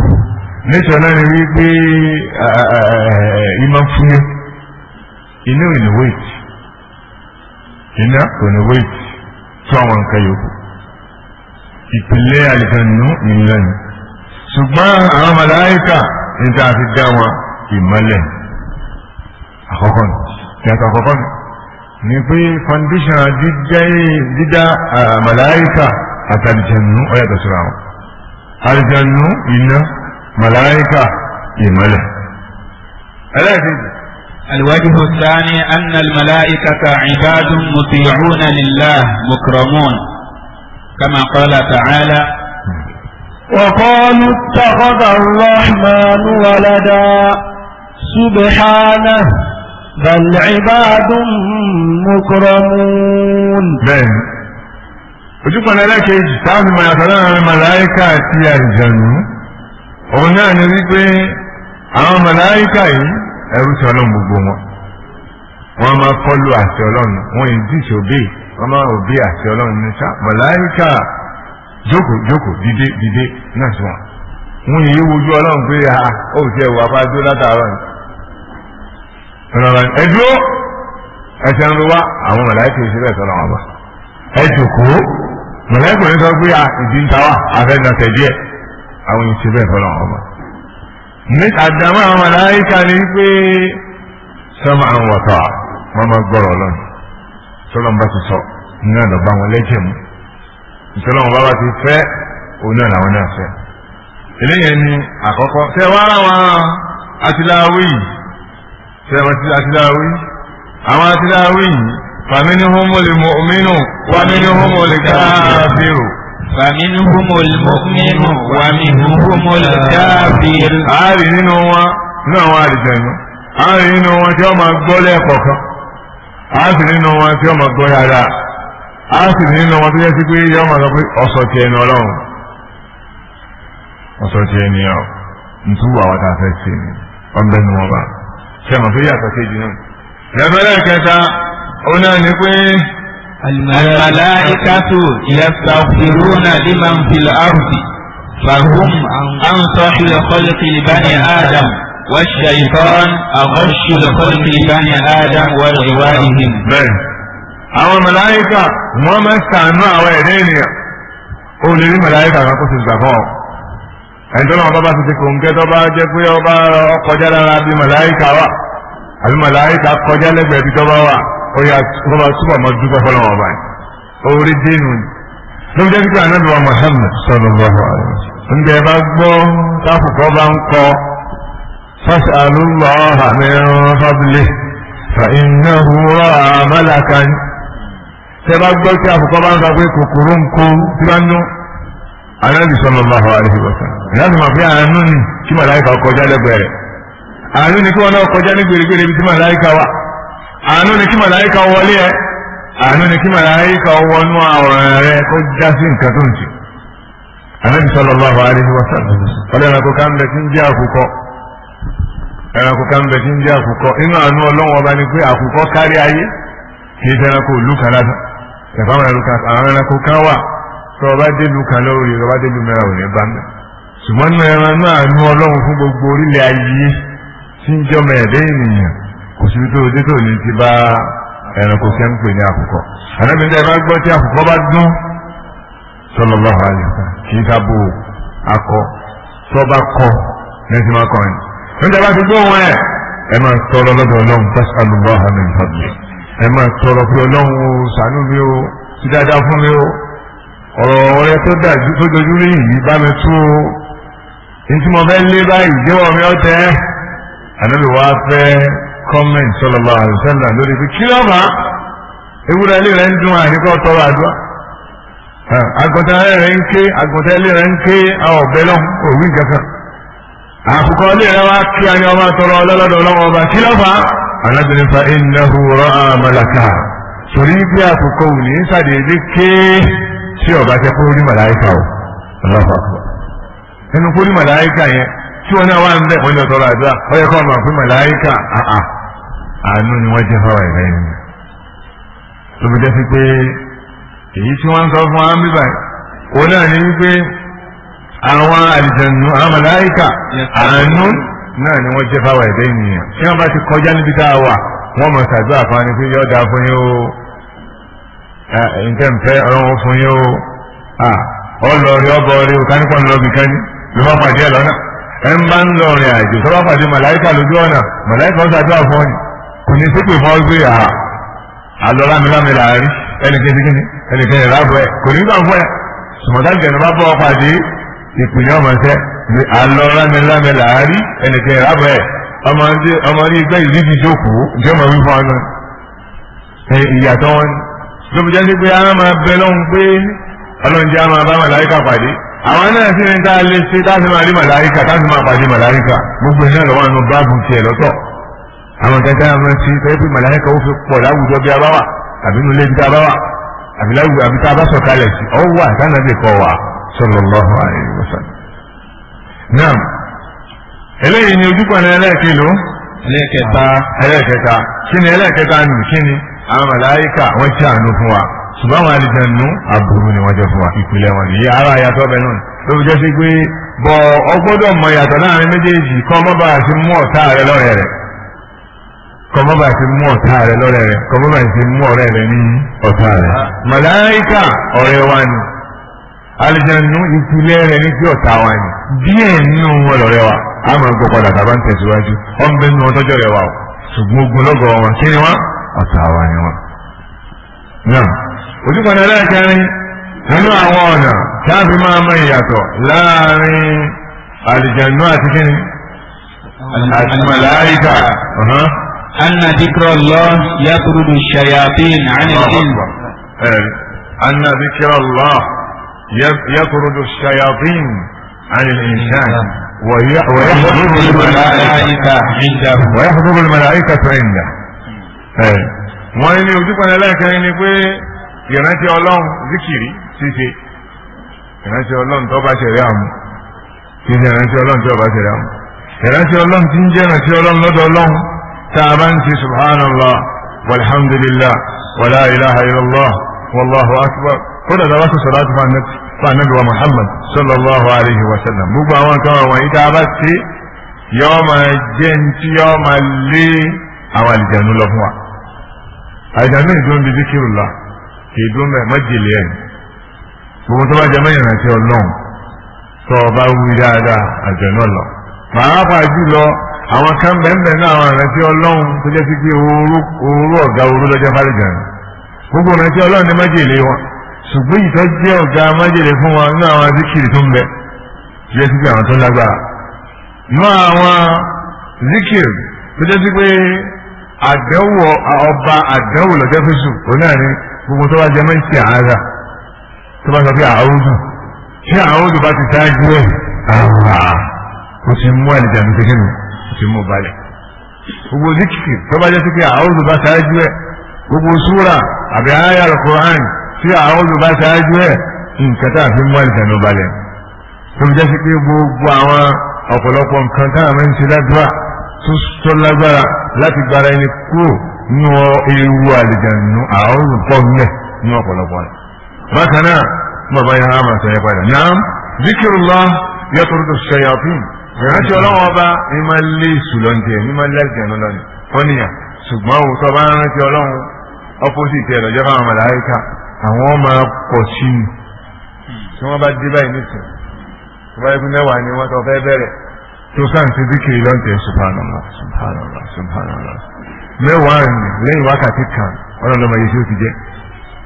nature náà ni wípé ìmọ̀ fúnyẹ́ iná ò ní wait iná ò ní wait tó àwọn nǹkan yòókù ìpìlẹ̀ àlìkànnú ìlànà ṣùgbọ́n àwọn màláíkà níta àti dá wọn ìmọ̀lẹ̀ àkọ́kọ́ ni ìyàtọ̀ àkọ́kọ́ ni ni pé kọ́ndíṣàn dídá màláìkà àti àlìjẹ̀nù ó yàtọ̀ síra wọn àlìjẹ̀nù iná màláìkà ìmọ́lẹ̀ ẹlẹ́ẹ̀kejì الوجه الثاني أن الملائكة عباد مطيعون لله مكرمون كما قال تعالى وقالوا اتخذ الرحمن ولدا سبحانه بل عباد مكرمون بين ojúkan ẹlẹ́kejì táàbì máa yàtọ̀ láàrin màláíkà àti àìjànú òun náà ni wípé àwọn màláíkà yìí ẹrú ti ọlọ́run gbogbo wọn wọ́n máa kọlu àti ọlọ́run wọn yìí dìtì òbí wọ́n máa òbí àti ọlọ́run ní sá màláíkà jókòó jókòó dìde dìde náà sí wọn wọn yìí wojú ọlọ́run pé ah, ó ti ẹ̀wọ̀ abájọ́ látàárọ̀ yìí rọrọ ẹ dúró ẹsẹ̀ ń wá àwọn mọ̀láìkì ìṣẹ̀lẹ̀ sọ̀rọ̀ wọn bá ẹ jòkó mọ̀láìkì òní sọ pé à ìdí ń ta wà àfẹ́nà tẹ̀lé ẹ̀ àwọn ìṣẹ̀lẹ̀ sọ̀rọ̀ wọn bá. ní àdàmọ́ àwọn mọ̀láìkì ni pé sọ́mọ àwọn wọ̀tọ̀ à wọ́n máa gbọ́rọ̀ lọ́nà sọ́lọ́n bá ti sọ ní ọ̀dọ̀ bá wọn lẹ́jẹ̀ mú ìṣọ́lọ́n bá bá ti fẹ́ òun náà làwọn náà fẹ́ eléyẹn ni àkọ́kọ́ tẹ́ wá ara wọn àtìláwí yìí sẹ́wọ̀n ti àtiláwí àwọn àtiláwí yìí fàmínú homoli mọ́mínú wàmínú homoli káfíru. fàmínú homoli mọ́mínú wàmínú homoli káfíru. àárín nínú wọn nínú àwọn àdìjẹnu àárín nínú wọn tí wọ́n máa gbọ́ lẹ́ẹ̀kọ̀ọ̀kan àárín nínú wọn tí wọ́n máa gbọ́ yàrá àárín nínú wọn tó yẹ sí pé yọ́n máa sọ pé ọ̀sọ̀ tiẹ̀ ọlọ́run ọ̀sọ̀ tiẹ̀ ní ọ̀ ntúwọ̀ àwọn tá a fẹ́ sí ni ọ̀bẹ ni wọ́n sẹ́wọ̀n tó yàtọ̀ náà. lẹ́fẹ̀lẹ́ kẹta ó náà ní pé. الملائكة يستغفرون لمن في الأرض فهم أنصح الخلق لبني آدم والشيطان أغش الخلق لبني آدم ولغوائهم àwọn mẹláíkà wọn máa ń sàánú àwọn ẹ̀dẹ́ ènìyàn ó lè rí mẹláíkà kan kó ẹ̀ńtọ́nà ọba bá ti ti kòǹkẹ́ tó bá jẹ́ pé ọba ọkọjá lára bí màláìka wà àbí màláìka kọjá lẹ́gbẹ̀ẹ́ bí tọ́ba wà ó yà ọba túbọ̀ mọ́ dúpẹ́ fọlọ́wọ́ ọba yìí orí dénú ni ló jẹ́ pípẹ́ ànábì wa Muhammad sallallahu alaihi ǹjẹ́ ẹ bá gbọ́ káfùkọ́ bá ń kọ́ fas'alullaha min fadlihi fa innahu ra'a malakan tẹ́ bá gbọ́ kí bá ń sọ pé kòkòrò ń anábì sallallahu alaihi wasallam láti máa fi àánú ni kí màláìka kọjá lẹ́gbẹ̀ẹ́ rẹ̀ àánú ni kí wọn náà kọjá ní gbèrègbèrè ibi tí màláìka wà àánú ni kí màláìka wọlé ẹ àánú ni kí màláìka wọnú àwòrán rẹ kó já sí nǹkan tó ń jì anábì sallallahu alaihi wasallam wọlé ẹranko ká ń bẹ tí ń jẹ àkùkọ ẹranko ká ń bẹ tí ń jẹ àkùkọ inú àánú ọlọ́wọ́n tọba délu kan lórí tọba délu mẹ́ra ò ní bá mẹ́ ṣùgbọ́n nínú ẹran náà nú ọlọ́run fún gbogbo orílẹ̀ ayé tí ń jọmọ ẹ̀dẹ́ ènìyàn kò síbi tó dé tó ní ti bá ẹranko tí ń pè ní àkùkọ àdàbìnrin tẹ bá gbọ́ tí àkùkọ bá dún sallallahu alaihi wasallam kì í sábò akọ tọba kọ lẹ́sìn máa kọrin níta bá ti gbóhùn ẹ̀ ẹ máa tọrọ lọ́dọ̀ ọlọ́run tas'alullaha min fadli ẹ máa tọrọ pé ọlọ́run o ṣàánú mi o ti fún mi o ọ̀rọ̀ rẹ tó dájú tó dojú rí yìí bá mi tú o ntí mo fẹ́ lé báyìí jẹ́wọ́ mi ọ̀tẹ́ ànábì wá fẹ́ kọ́mẹ̀ntì sallallahu alaihi wasallam lórí pé kí lọ́ọ̀mà ewúrẹ́ ilé rẹ̀ ń dún àyíkọ́ tọrọ àdúrà àgùntàn ilé rẹ̀ ń ké àgùntàn ilé rẹ̀ ń ké àwọn ọ̀bẹ lọ́hùn òwú kankan àkùkọ ilé rẹ̀ wá kí ayé ọba tọrọ ọlọ́dọ̀ ọlọ́wọ́ ọba kí lọ́ọ̀fà alábìrin fa innahu ra'a malaka torí bí àkùkọ òní sàdédé ké tí ọba jẹ́ kó rí màláìka o ọlọ́fà kọ. ẹnu kó rí màláìka yẹn tí wọn náà wà ń bẹ̀ wọ́n lọ tọrọ àdúrà ó yẹ kó ọmọ pé màláìka àà àánú ni wọ́n jẹ́ fáwọn ẹ̀rẹ́ yẹn. tó fi jẹ́ sí pé èyí tí wọ́n ń sọ fún wa ń bíbà òun náà ní wípé àwọn àlìjẹ̀nu àwọn màláìka àánú náà ni wọ́n jẹ́ fáwọn ẹ̀rẹ́ yẹn. tí wọ́n bá ti kọjá níbi tá a wà wọ́n mọ̀ nǹkan fẹ́ ọlọ́run fún yín o ọlọ́ọ̀rì ọbọ̀ọ̀rì òkánípọ̀ ńlọ́bìkání ló bá pàdé ẹ̀ lọ́nà ẹ̀ ń bá ń lọ rìn àjò tó bá pàdé màláìkà lójú ọ̀nà màláìkà ọ̀sà àdúrà fún ọ̀nì kò ní sípè fún ọgbẹ́ àhà àlọ́ lámìlámì làárí ẹnìkejìkejì ẹnìkejì rábọ̀ ẹ̀ kò ní gbà fún ẹ̀ sùmọ̀tà jẹ̀nu bá bọ́ pàdé ìpìlẹ̀ ọmọọṣẹ́ àlọ́ lámìlámì làárí ẹnìkejì rábọ̀ ẹ̀ ọmọ rí igbá ìlú ìdíjókòó ìjọba wí fún ọ lóbi jẹ́ sí pé àwọn máa bẹ lọ́hùn pé ọlọ́run jẹ́ àwọn bá màláíkà pàdé àwọn náà sì ní tá a lè ṣe tá a sì máa rí màláíkà tá a sì máa pàdé màláíkà gbogbo iná lọ́wọ́ àwọn báàbù tiẹ̀ lọ́tọ̀ àwọn kẹta máa ṣe fẹ́ pé màláíkà ó fi pọ̀ láwùjọ bí a bá wà àbí nulẹ̀ bí a bá wà àbí láwùjọ àbí tá a bá sọ kalẹ̀ sí ọ wà táwọn kọ wà sallallahu alaihi wasallam. eléyìí ni ojúkọ̀ ní ẹlẹ́ẹ̀kẹ́ ló ẹlẹ́ẹ̀kẹta ẹlẹ́ẹ̀kẹta kí ni ẹlẹ́ẹ̀kẹta nù kí ni àwọn màláyíkà wọ́n ṣe àánú fún wa ṣùgbọ́n àwọn àlìjẹ̀nu aburú ni wọ́n jẹ́ fún wa ìpìlẹ̀ wọn nìyí ara yàtọ̀ bẹ́ẹ̀ náà ló fi jẹ́ sí pé bọ̀ ọgbọ́dọ̀ mọ yàtọ̀ láàrin méjèèjì kọ́ ọmọ bá ti mú ọ̀tá rẹ lọ́rẹ̀ rẹ̀ kọ́ ọmọ bá ti mú ọ̀tá rẹ lọ́rẹ̀ rẹ̀ kọ́ ọmọ bá ti mú ọ̀rẹ́ rẹ ní ọ̀tá rẹ̀ màláyíkà ọ̀rẹ́ wa ni àlìjẹ̀nu ìpìlẹ̀ rẹ̀ ní kí ọ̀tá wa ni díẹ̀ nínú wọn lọ́rẹ́ wa a máa gbọ́ padà tàbá ń tẹ̀síwájú ọ̀ ọtọ́jọ́ rẹ̀ wa ṣùgbọ́n ogun lọ́gọ̀ọ́ wọn kí ni wọ́n àtàwọn ni wọn. náà ojúkọ̀nà ẹlẹ́ẹ̀kẹrin nínú àwọn ọ̀nà tí a fi máa mọ ìyàtọ̀ láàrin àlìjànú àti kíni àti màláìkà. أن ذكر الله يطرد الشياطين عن الجن إيه. أن ذكر الله يطرد الشياطين عن الإنسان ويحضر الملائكة عنده ويحضر الملائكة عنده wọ́n ní ojúpọ̀nà lẹ́ẹ̀kẹrin ni pé ìrántí ọlọ́run zikiri ṣíṣe ìrántí ọlọ́run tó bá ṣẹ̀rí àmú kí ni ìrántí ọlọ́run tó bá ṣẹ̀rí àmú ìrántí ọlọ́run ti ń jẹ́ ìrántí ọlọ́run lọ́dọ̀ ọlọ́run tá a bá ń ṣe subhanallah walhamdulillah wàlá ilaha illallah wallahu akbar kódà tá a bá ṣe sọ̀rọ̀ fún anabi wa muhammad sallallahu alayhi wa sallam gbogbo àwọn kan wà wọ̀nyí tá bá ṣe yọ́ọ́ máa jẹ́ ní tí yọ́ọ́ máa lé àwọn àlìjẹ̀nu lọ wa àìdàmí ìdún bíi zikirula kì í dún bẹ́ẹ̀ mọ́jìlì ẹ̀ gbogbo tó bá jẹ mẹ́yìn rántí ọlọ́run tó o bá wí dáadáa àjọ náà lọ. pàápàá jùlọ àwọn kan bẹ́ẹ̀ náà àwọn rántí ọlọ́run tó jẹ́ sí pé òru ọ̀gá òru lọ́jọ́ fàlìjàn gbogbo rántí ọlọ́run ní mọ́jìlì wọn ṣùgbọ́n ìtọ́ jẹ́ ọ̀gá mọ́jìlì fún wọn nínú àwọn zikiri tó ń bẹ jẹ́ sí pé àwọn tó lágbára nínú àwọn zikiri tó jẹ́ sí pé àdẹ́wò ọba àdẹ́wò lọ́jọ́ fésù òun náà ni gbogbo tó bá jẹ mọ́ ìṣe àárá tó bá sọ pé àwòdù tí àwòdù bá ti ṣáájú ẹ̀ àrà kò sì mú àlejò àmì kékeré kò sì mú balẹ̀ gbogbo zikiri tó bá jẹ́ sí pé àwòdù bá ṣáájú ẹ̀ gbogbo súra àbí àyà Al-Qur'an tí bá ṣáájú ẹ̀ nǹkan tá a fi mú àlejò àmì balẹ̀ tó jẹ́ sí pé gbogbo àwọn ọ̀pọ̀lọpọ̀ nǹkan tá a máa ń ṣe ládùúrà tó lágbára láti gbára ẹni kúrò nínú ewu àlejànú àwọn olùkọ́ nílẹ̀ ní ọ̀pọ̀lọpọ̀ rẹ̀. bákan náà bàbá yẹn á máa sọ yẹn padà. naam zikirullah yàtọ̀rọ̀tọ̀ ṣayàfin ìrántí ọlọ́wọ́ ọba ní máa lé ìṣù lọ́njẹ ní máa lé àlejànú lọ́njẹ fọ́nìyà ṣùgbọ́n òótọ́ bá ń rántí ọlọ́run ọ́pọ́sìtì ẹ̀rọ jẹ́ fáwọn màláíkà àwọn máa pọ̀ sí i tí wọ́n bá dé báyìí nísìnyí tó sáǹsì díkìrì lọ́ntẹ̀ subhanallah subhanallah subhanallah mẹ́wàá ni lẹ́yìn wákàtí kan ọlọ́lọ́mọ yìí ṣó ti jẹ́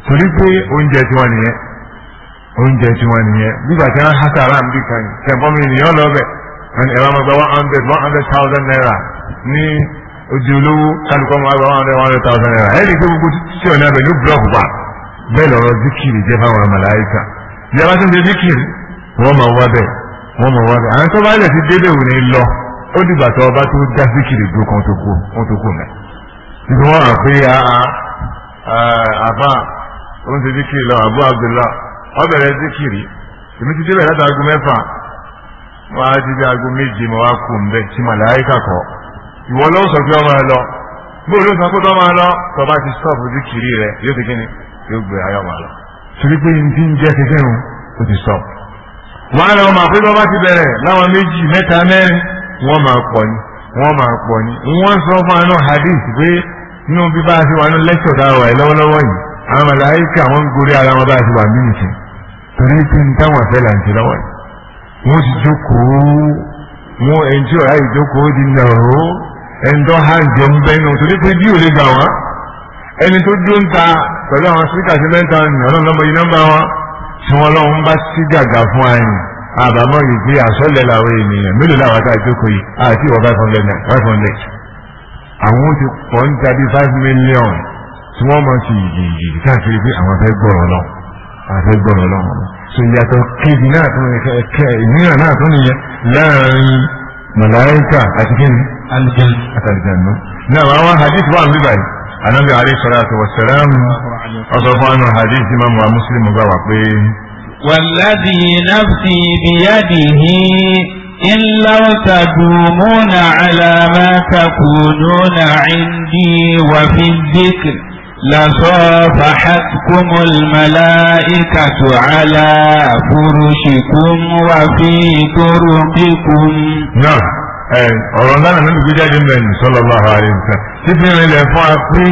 torí pé oúnjẹ tiwọn nìyẹn oúnjẹ tiwọn nìyẹn nígbà tí wọ́n há sàrà ń bí kan yìí tẹ̀bọ́n mi nìyẹn lọ́bẹ̀ wọn ẹ̀rọ ọmọ gba one hundred one hundred thousand naira ní ojú olówó kálukọ́ ọmọ gba one hundred one hundred thousand naira ẹ̀rí pé gbogbo títí ọ̀nà abẹ ló búlọ̀kù pa bẹ́ẹ̀ lọ́rọ̀ díkìrì jẹ́ fáwọn ọmọ làyíkà ìjọba tó ń ṣe wọ́n mọ̀ wá bẹ̀ àwọn tó bá lẹ̀ ti délé òun ni lọ ó dìgbà tó ọba tó dá síkìrì dúró kan tó kú wọn tó kù mẹ́. ibi wọn hàn pé ah, ah, ah, àbá òun ti síkìrì lọ àbú abdullá wọn bẹ̀rẹ̀ síkìrì èmi ti débẹ̀ láti aago mẹ́fà wọn á ti bí aago méje mọ́ wá kù ń bẹ̀ tí màláyíkà kọ́ ìwọ ló ń sọ pé ọmọ ẹ lọ bó ló ń sọ pé ọmọ ẹ lọ tọba ti sọ́ọ̀bù síkìrì rẹ yóò ti kíni yóò gbé ayọ́ lọ. torí wọn lọ máa pé bọ́bá ti bẹ̀rẹ̀ láwọn méjì mẹ́ta mẹ́rin wọ́n máa pọ̀ ni wọ́n máa pọ̀ ni wọ́n sọ fún àánú hadith pé nínú bí bá a ṣe wà ní lẹ́kṣọ̀ dáwà ẹ̀ lọ́wọ́lọ́wọ́ yìí àwọn màláíkà wọ́n ń gorí ara wọn bá a ṣe wà nínú ìṣẹ́ torí pé ń táwọn afẹ́ là ń ṣe lọ́wọ́ yìí wọ́n ti jókòó wọ́n ẹnjọ́ ọ̀rá ìjókòó di nàró ẹ̀ńdọ́ ha jẹ́ ń bẹ́nu torí pé bí ò lè gbà wọ́n ẹni tó dúró ń ta pẹ̀lú àwọn síkà sí mẹ́ta ọ̀nà tí wọ́n lọ́wọ́ ń bá sí gàgà fún àyìn àbámọ́ yìí pé àsọ́lẹ̀ làwọn ènìyàn mélòó làwọn àti àjókòó yìí àti ìwọ five hundred naira five hundred àwọn ti pọ̀ ń jáde five million tí wọ́n máa ti yìí yìí káàkiri pé àwọn afẹ́ gbọ́rọ̀ lọ afẹ́ gbọ́rọ̀ lọ so ìyàtọ̀ kejì náà tó kẹ ìmíràn náà tó nìyẹn láàrin màláíkà àti kẹ́ni àtàlìjẹ̀nu náà àwọn hadith wà ń bíbáyìí anabi alayhi salatu wa salam ọsọ fún anu hadith imam wa muslim gbà wá pé. wàlladì nafsi biyadihi illa tadumuna ala ma takununa indi wa fi dhikr لصافحتكم الملائكة على فرشكم وفي طرقكم. نعم. أي أولاً نبي جاد من صلى الله عليه وسلم títí rinlẹ̀ fún wa pé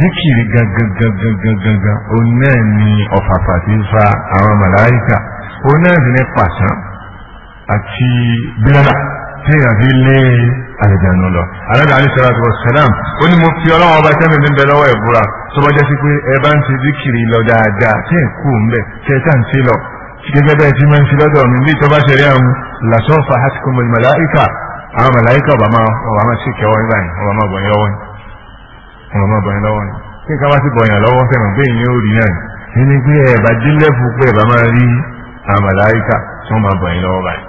zikiri gàgàgàgàgàgà òun náà ni ọ̀fàfà ti ń fa àwọn màláìkà òun náà sì ní pàṣán àti bílálà tí èèyàn fi lé àlejànú lọ. alága alisara tó sẹlẹm ó ní mo fi ọlọ́wọ́ ọba tẹ́mi ní bẹ́ẹ̀ lọ́wọ́ ìbúra tó bá jẹ́ sí pé ẹ bá ń ṣe zikiri lọ dáadáa tí ẹ̀ kú ń bẹ̀ tí ẹ tàn sí lọ gẹ́gẹ́ bẹ́ẹ̀ tí máa ń ṣe lọ́dọ̀ mi bí ìtọ́ bá ṣe rí àwọn làṣọ́ fàhásíkùmọ̀ màláìkà àwọn màláìkà ọba máa ṣèkẹ́wọ́ yín báyìí ọba máa gbọ̀nyẹ́wọ́ yín wọn máa bọyàn lọ́wọ́ ni kí nǹkan bá sì bọyàn lọ́wọ́ sẹ́nu pé èyí ó rí náà ni ẹni pé ẹ bá dé lẹ́fù pé ẹ bá máa rí àmàláríkà tí wọ́n máa bọyàn lọ́wọ́ báyìí.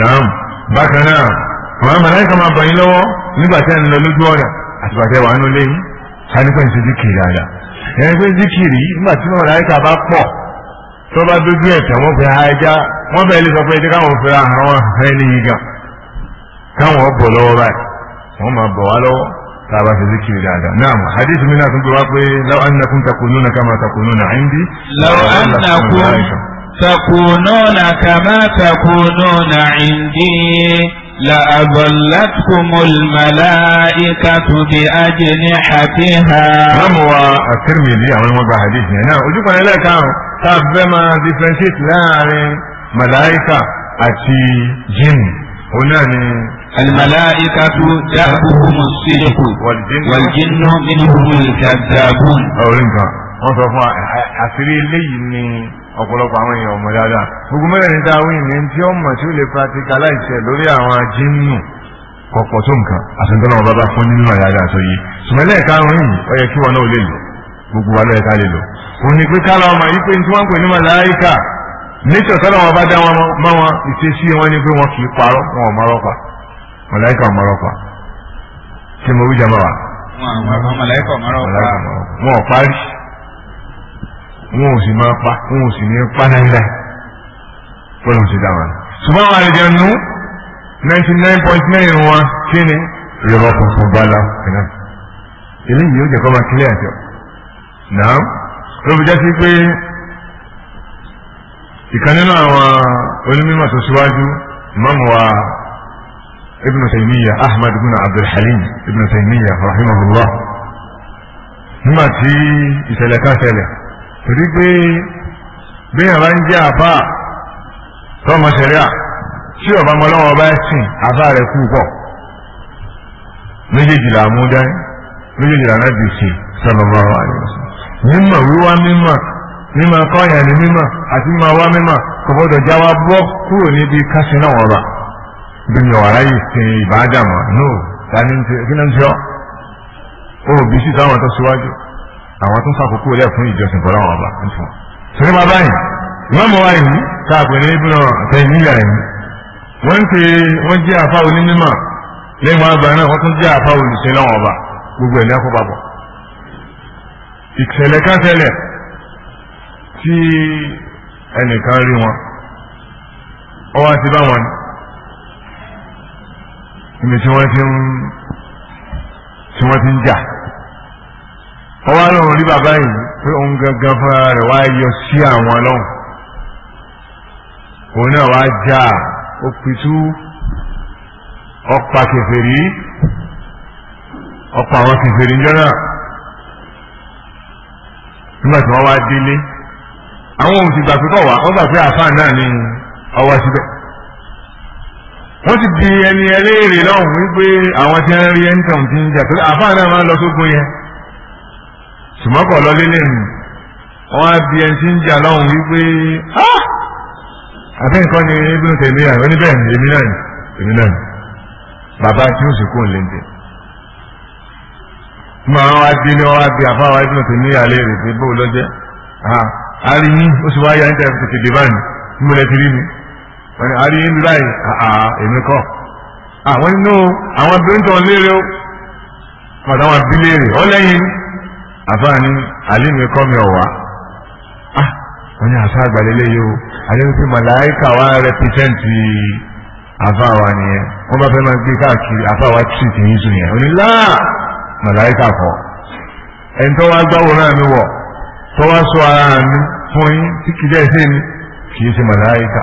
naam bákan náà àwọn àmàláríkà máa bọyàn lọ́wọ́ nígbà tí ẹni lọ lójú ọ̀nà àtìgbà tẹ wà nínú ilé yìí sanipẹ́ ní zikiri àdá ẹni pé zikiri nígbà tí àmàláríkà bá pọ̀ tó bá dójú ẹ̀tẹ̀ wọ́n fẹ́ ha ẹja wọ́n bẹ̀rẹ̀ lè sọ pé ẹjẹ́ káwọn تابعت ذكر هذا نعم حديث منا كنت القراطي لو أنكم تكونون كما تكونون عندي لو أنكم تكونون كما تكونون عندي لأظلتكم الملائكة بأجنحتها نعم رموى الترمذي أول مرة حديثنا نعم أجوك أنا لك تابما ديفرنشيت لا يعني ملائكة أتي جن هناني يعني الملائكة دابهم الصدق والجن منهم الكذابون أولئك وصفوا àṣírí eléyìí ni ọ̀pọ̀lọpọ̀ àwọn èèyàn ọmọ dáadáa gbogbo mẹ́rin tá a wí ní tí ó mọ̀ tí ó lè practicalize lórí àwọn ajínú kọ̀pọ̀ tó nǹkan àtúntàn ọba bá fún nínú àyàdá àtọ́ yìí sùmẹ́lẹ̀ karùn-ún yìí ó yẹ kí wọn náà lè lò gbogbo wa lọ́yẹ̀ká lè lò òun ni pé kára ọmọ yìí pé tí wọ́n ń pè ní màláíkà nature tọ́lá wọn bá dá wọn mọ́ wọn ìṣesí wọn ni pé wọn kì í parọ́ wọn ò mọ́rọ́ pa mọ̀láìkà ọ̀mọ̀rọ̀pà tí mo wí jẹ́ mọ́wàá. mọ̀láìkà ọ̀mọ̀rọ̀pà. wọn ò parí wọn ò sì máa pa wọn ò sì ní pa náírà bọ́lá ti dá wọn. ṣùgbọ́n àwọn àlejò nù ninety nine bala kìnnà. eléyìí yóò jẹ́ kó máa kílẹ̀ àjọ. náà ló fi jẹ́ sí pé ìkan nínú àwọn onímọ̀ tó ابن تيمية أحمد بن عبد الحليم ابن تيمية رحمه الله nígbà tí ìṣẹ̀lẹ̀ kan ṣẹlẹ̀ torí pé bíyàn bá ń jẹ́ àbá tọmọ ṣẹlẹ̀ à tí ọba mọlọ́wọ́ bá sìn àbá rẹ̀ kú pọ̀ méjèèjì là mú dání méjèèjì là náà bìí ṣe sallallahu alaihi wasallam mímọ̀ wíwá mímọ̀ mímọ̀ kọ́yàn ní mímọ̀ àti mímọ̀ wá mímọ̀ kò gbọ́dọ̀ já wa bọ́ kúrò níbi kásínà wọn bá bí mi ò ráyè sin ìbádàmọ̀ no tani ń tẹ kí ló ń tẹ ọ́ òbí sí táwọn tó síwájú àwọn tó ń sàkókò lẹ̀ fún ìjọsìn bọ́lá wọn ọba ń tún. sọ́ni bàbá yìí ìmáàmù wa yìí tá a pè ní ibùdó àtẹ̀yìn níyà yìí wọ́n ń pe wọ́n jẹ́ àfa onímọ̀ lẹ́yìn wọn àgbà náà wọ́n tún jẹ́ àfa olùsẹ́ lọ́wọ́ ọba gbogbo ẹ̀ ní akọ́ ìṣẹ̀lẹ̀ kan tí ẹnìkan rí wọn ọwọ́ àti bá wọn ni níbi tí wọ́n ti ń tí wọ́n ti ń jà ọwọ́ àlọ́run rí bàbá yìí pé òun gangan fúnra rẹ̀ wá yọ sí àwọn lọ́hùn òun náà wá jà ó pitú ọ̀pá kẹfẹ́rí ọ̀pá àwọn kẹfẹ́rí ńjọ́ náà nígbà tí wọ́n wá délé àwọn òun ti gbà pé wá wọ́n gbà pé àfáà náà ni ọwọ́ síbẹ̀ wọ́n ti di ẹni ẹlẹ́rè lọ́hùn wípé àwọn tí wọ́n rí ẹni tàn ti ń jà pé àfáà náà máa ń lọ sógun yẹn ṣùgbọ́n kọ̀ lọ lélẹ̀ nù wọ́n á di ẹni tí ń jà lọ́hùn wípé àbẹ́ nǹkan ni ibùdó tèmi rà wọ́n ní èmi náà ni èmi náà ni bàbá tí ó sì lẹ́ńdẹ̀. máa wá di ni wọ́n á di àfáà wá ibùdó tèmi rà lérè pé bóòlọ́jẹ́ àárín yín ó sì wá yá ní tẹ̀síkì ẹni àrí yín bí báyìí àà ah, ah, èmi kọ́ ah, àwọn inú àwọn bíntàn léèrè ó padà wọn bí léèrè ó lẹ́yìn àfáàní àlímì kọ́ mi ọ̀wá wọ́n ní àṣà àgbàlélé yìí ó àlímì fi màláìkà wá rẹpítẹ́ǹtì àfáàwá nìyẹn wọ́n bá fẹ́ máa gbé káàkiri àfáàwá tì kì í sùn yẹn ó ní láà màláìkà kọ́ ẹni tó wá gbáwòrán mi wọ̀ tó wá sọ ara mi fún yín tí kìí dẹ́ sí mi kìí ṣe màláìkà.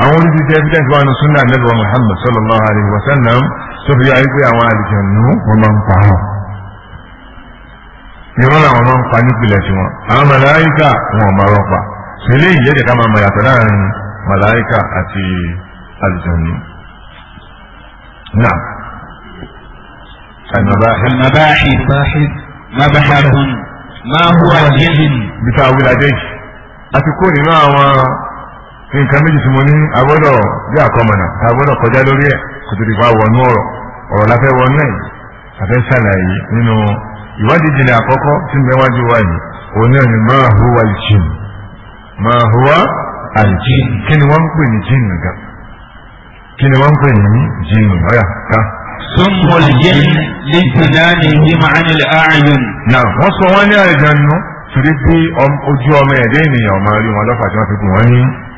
àwọn oríṣiríṣi evidence wà ní sunna anabi wa muhammad sallallahu alayhi wa sallam tó fi yọ àyíkú àwọn àlùjànnú wọn máa ń pa wọn. ìrọ́lá wọn máa ń pa nípìnlẹ̀ tiwọn àwọn màláíkà wọn ò máa rọ pa sẹ́lẹ̀ yìí yẹ́dẹ̀ ká máa yàtọ̀ láàrin màláíkà àti àlùjànnú. نعم المباحث المباحث مبحث ما هو الجن بتاويل أديش أتكون ما هو nǹkan méjì tí mo ní agbọ́dọ̀ bí àkọmọ̀nà agbọ́dọ̀ kọjá lórí ẹ̀ kò tó di fa wọnú ọ̀rọ̀ ọ̀rọ̀ la fẹ́ wọnú ẹ̀ àfẹ́ ṣàlàyé nínú ìwádìí jìnnà àkọ́kọ́ tí ń bẹ wájú wa yìí òun náà ni máa huwa al-jinn máa huwa al-jinn kí ni wọ́n ń pè ní jinn nìkan kí ni wọ́n ń pè ní jinn ọ̀yà ká. sọ́mọ lìyẹ́ lẹ́gbẹ̀dánì ní màánì ààyùn. náà wọ́n sọ wọ́n ní àìjẹun nù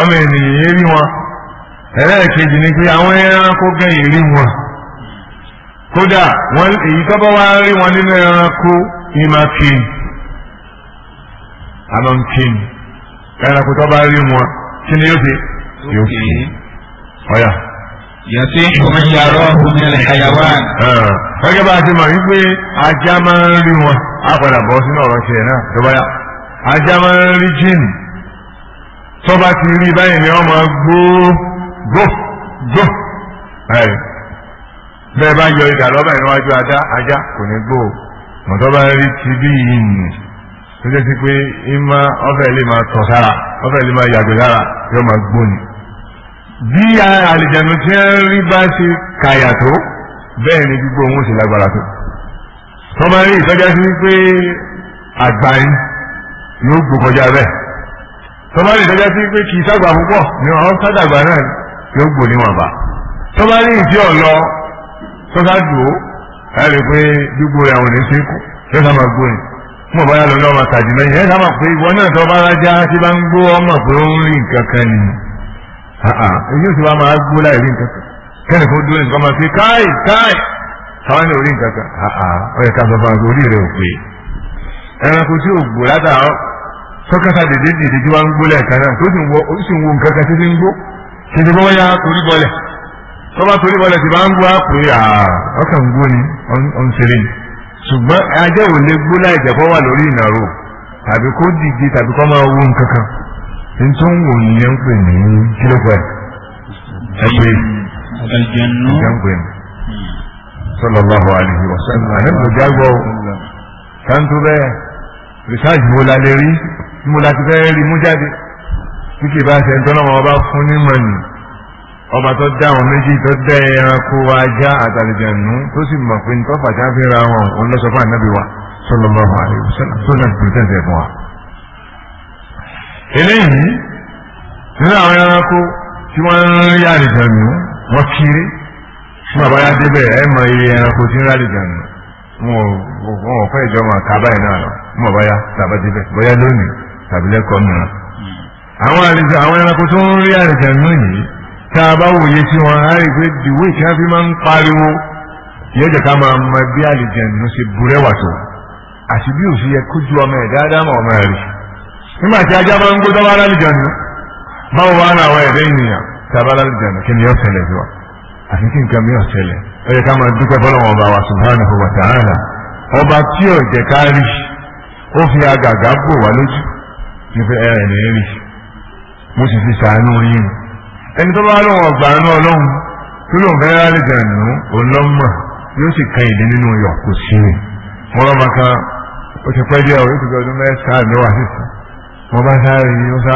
ọmọ ènìyàn yé rí wọn ẹlẹ́ẹ̀kejì ni pé àwọn ẹranko gan yìí rí wọn kódà wọn èyí tó wá rí wọn nínú ẹranko ní máa kíni àmọ́ ń kíni ẹranko rí wọn kí ni yóò ṣe yóò Ya ọ̀yà. yàtí ìṣòro yàrá ọ̀hún ẹ̀rẹ̀ hayawan. gẹ́gẹ́ bá a ti mọ̀ wípé ajá máa ń rí wọn á padà bọ́ sínú ọ̀rọ̀ tiẹ̀ náà tó bá ajá tọ́ba ti rí báyìí ni wọ́n máa gbó gbó gbó bẹ́ẹ̀ bá yọ ìdá lọ́ba ìníwájú ajá ajá kò ní gbó mọ̀tọ́ba rí ti bí ìyìn tó jẹ́ sí pé ìmọ̀ ọ̀fẹ́ lè máa tọ̀ sára ọ̀fẹ́ lè máa yàgbé sára yóò máa gbó ni. bí àlìjànú tí ń rí bá ṣe kàyà tó bẹ́ẹ̀ ni gbogbo òun sì lágbára tó. tọ́ba rí ìtọ́jà sí pé àgbáyé yóò gbó kọjá bẹ́ẹ̀ tọ́ba lè tọ́já sí pé kì í sàgbà púpọ̀ ni ọ̀hún sàdàgbà náà yóò gbò níwọ̀nba tọ́ba ní ìdí ọ̀lọ́ tọ́ka dùn ó ẹ rí i pé gbígbó rẹ̀ àwọn oníṣẹ́ kù yóò sá máa gbóyìn mo bá yà lọ lọ́wọ́ tàjì mẹ́yìn ẹ sá máa pé ìwọ náà tọ́ba rájá tí bá ń gbó ọmọ pé ó ń rí nǹkan kan ni èyí ò sì wá máa gbó láì rí nǹkan kan kẹ́ni kó dúró nǹkan máa fi káì káì táwọn ní orí nǹkan kan ó sọ fún wa pé orí rẹ̀ ò pé ẹranko tí ò gbó látàárọ̀ sọ́kàtà dèdè dèdè tí wọ́n ń gbólẹ̀ kan náà tó sì ń wo nǹkan kan títí ń gbó títí bọ́ ya torí bọ́lẹ̀ tó bá torí bọ́lẹ̀ tí bá ń gbó á pè é ọkàn ń gbó ni ọ̀n ṣeré ni ṣùgbọ́n ajá ò lè gbó láì jẹ́ kó wà lórí ìnáró tàbí kó dìde tàbí kó máa wó nǹkan kan ní tó ń wò yẹn ń pè ní kílókò ẹ̀ ẹ pé ìjà ń pè ní sallallahu alayhi wa sallam àlẹ́ mọ̀jágbọ́ sáńtú bẹ́ẹ̀ rìsáàjì wo la lè rí mo láti fẹ́ rí mú jáde tí kì bá ṣe ń tọ́nà ọba fún ní mọ̀nì ọba tó dá àwọn méjì tó dá ẹranko ajá àtàlẹ̀jẹ̀nù tó sì mọ̀ pé nítorí fàtí á fi ra wọn òun lọ́sọ fún ànábì wa sallallahu alaihi wasallam tó náà tó tẹ̀sẹ̀ fún wa. eléyìí nínú àwọn ẹranko tí wọ́n ń rí àlìjẹ̀nù wọ́n kiri tí bàbá yá débẹ̀ ẹ̀ mọ iye ẹranko tí ń rí àlìjẹ̀nù wọn ò fẹ́ ìjọba kàbáyé náà lọ mọ̀ bọ́yá tàbá débẹ̀ bọ́yá lónìí tàbí lẹ́kọ̀ọ́ mìíràn. àwọn àlejò àwọn ẹranko tó ń rí àlejò náà yìí tá a bá wòye sí wọn á rí i pé dìwé kí wọ́n fi máa ń pariwo yóò jẹ́ ká máa mọ bí àlejò náà ṣe burẹ́wà tó àti bí òsì yẹ kójú ọmọ ẹ̀ dáadáa mọ̀ ọmọ ẹ̀ rí. nígbà tí ajá máa ń gbó tọ́ba àlejò náà báwo wá ní àwọn ẹ̀rẹ́ ènìyàn tàbá àlejò náà kí ni yóò ṣẹlẹ̀ wa àfi kí nǹkan mìíràn ṣẹlẹ̀ ó yẹ ká máa dúpẹ́ fọlọ́wọ́n ọba tí ò jẹ́ ká rí ó fi àgàgà bò wá lójú wípé ẹ ẹ̀ lè rí mo sì ti sàánú yín ẹni tó bá lóun ọgbà àánú ọlọ́run tó lóun fẹ́ rárá lè jà nù òun lọ́ mọ̀ yóò sì kan ìdí nínú yọ̀ kò sí mi mo rọ́ ma kan ó ti pẹ́ díẹ̀ ó ti ọdún mẹ́sàn-án ló wà sísè mo bá sáré yìí ó sá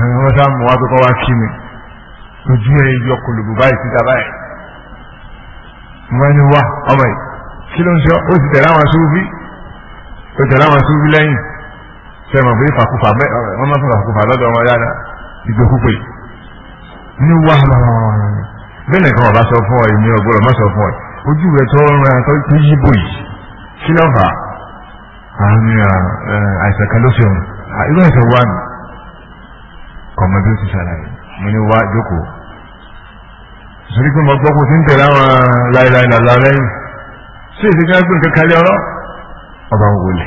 àwọn sá mo wá pípọ́ wá kí mi ojú ẹ yọ kòlòbù báyìí síta báyìí mo ní wá ọmọ yìí kí ló ń sọ ó ti tẹ̀lé àwọn súnfí ó tẹ̀lé àwọn súnfí lẹ́yìn sẹ́wọ̀n pé fàkúfà mẹ́ wọ́n máa fún fàkúfà lọ́dọ̀ o yára ìgbékúgbé ní wàhálà bẹ́ẹ̀ nìkan ọ̀bá sọ fún ọ èmi ọ̀gbọ́dọ̀ má sọ fún ọ ojú rẹ̀ tó ń ran tó yí bò yìí kí ló fà á ní àìsàn kan ló ṣe òun irú àìsàn wà mí kọ̀mọ́dé ti ṣàlàyé mo ní wá jókòó sori pé mo gbọ́ kó ti ń tẹ̀lé àwọn láìláìlà lálẹ́ yìí ṣé ìṣèjì á gbé nǹkan kalẹ̀ ọ̀rọ̀ ọba wọlé.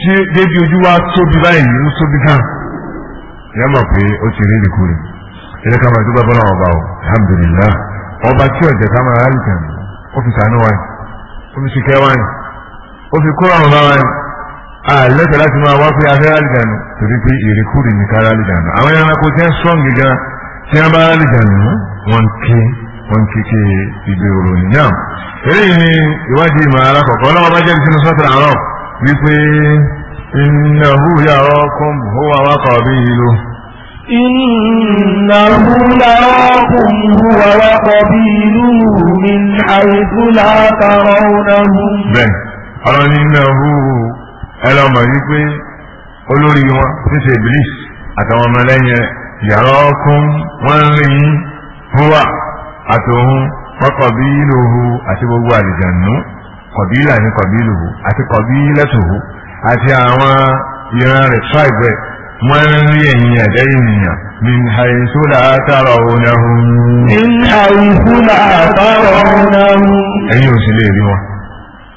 tí débi ojú wa tóbi báyìí ó tóbi gan yẹ mọ̀ pé ó ti rí nìkú rẹ̀ ilé ká máa dúpẹ́ bọ́lá ọba o alhamdulillah ọba tí ọ̀jẹ̀ ká máa rárí tẹ̀ ó fi sànú wáyé ó fi sìkẹ́ wáyé ó fi kó àwọn bá wáyé àlẹ́tẹ̀ láti máa wá pé afẹ́ rárí dànù torí pé ìrìkúrì ní ká rárí dànù àwọn ẹranko tí wọ́n strong gan tí wọ́n bá rárí dànù wọ́n ké wọ́n kéke ìgbé òròyìn náà eléyìí ni ìwádìí ìmọ̀ alákọ̀ọ́kọ́ ọlọ́wọ́ bá jẹ́ ìsinmi sọ́tọ̀ àárọ̀ wípé innahu yarakum huwa wa qabiluhu. innahu yarakum huwa wa qabiluhu min haythu la tarawnahum. bẹ́ẹ̀ ọ̀rọ̀ ní innahu ẹlọ́mọ̀ wípé olórí wọn ṣíṣe iblis àtàwọn ọmọlẹ́yìn rẹ̀ yarakum wọ́n ń rí yín huwa àtòhun wa qabiluhu àti gbogbo àlìjànú kọ̀bílà ní kọ̀bílù àti kọ̀bílẹ̀tùhù àti àwọn ìran rẹ̀ tribe rẹ̀ wọ́n ń rí ẹ̀yìn ẹ̀dẹ́ ènìyàn min haisu la tara onahun. min haisu la tara onahun. ẹ̀yin ò sì lè rí wọn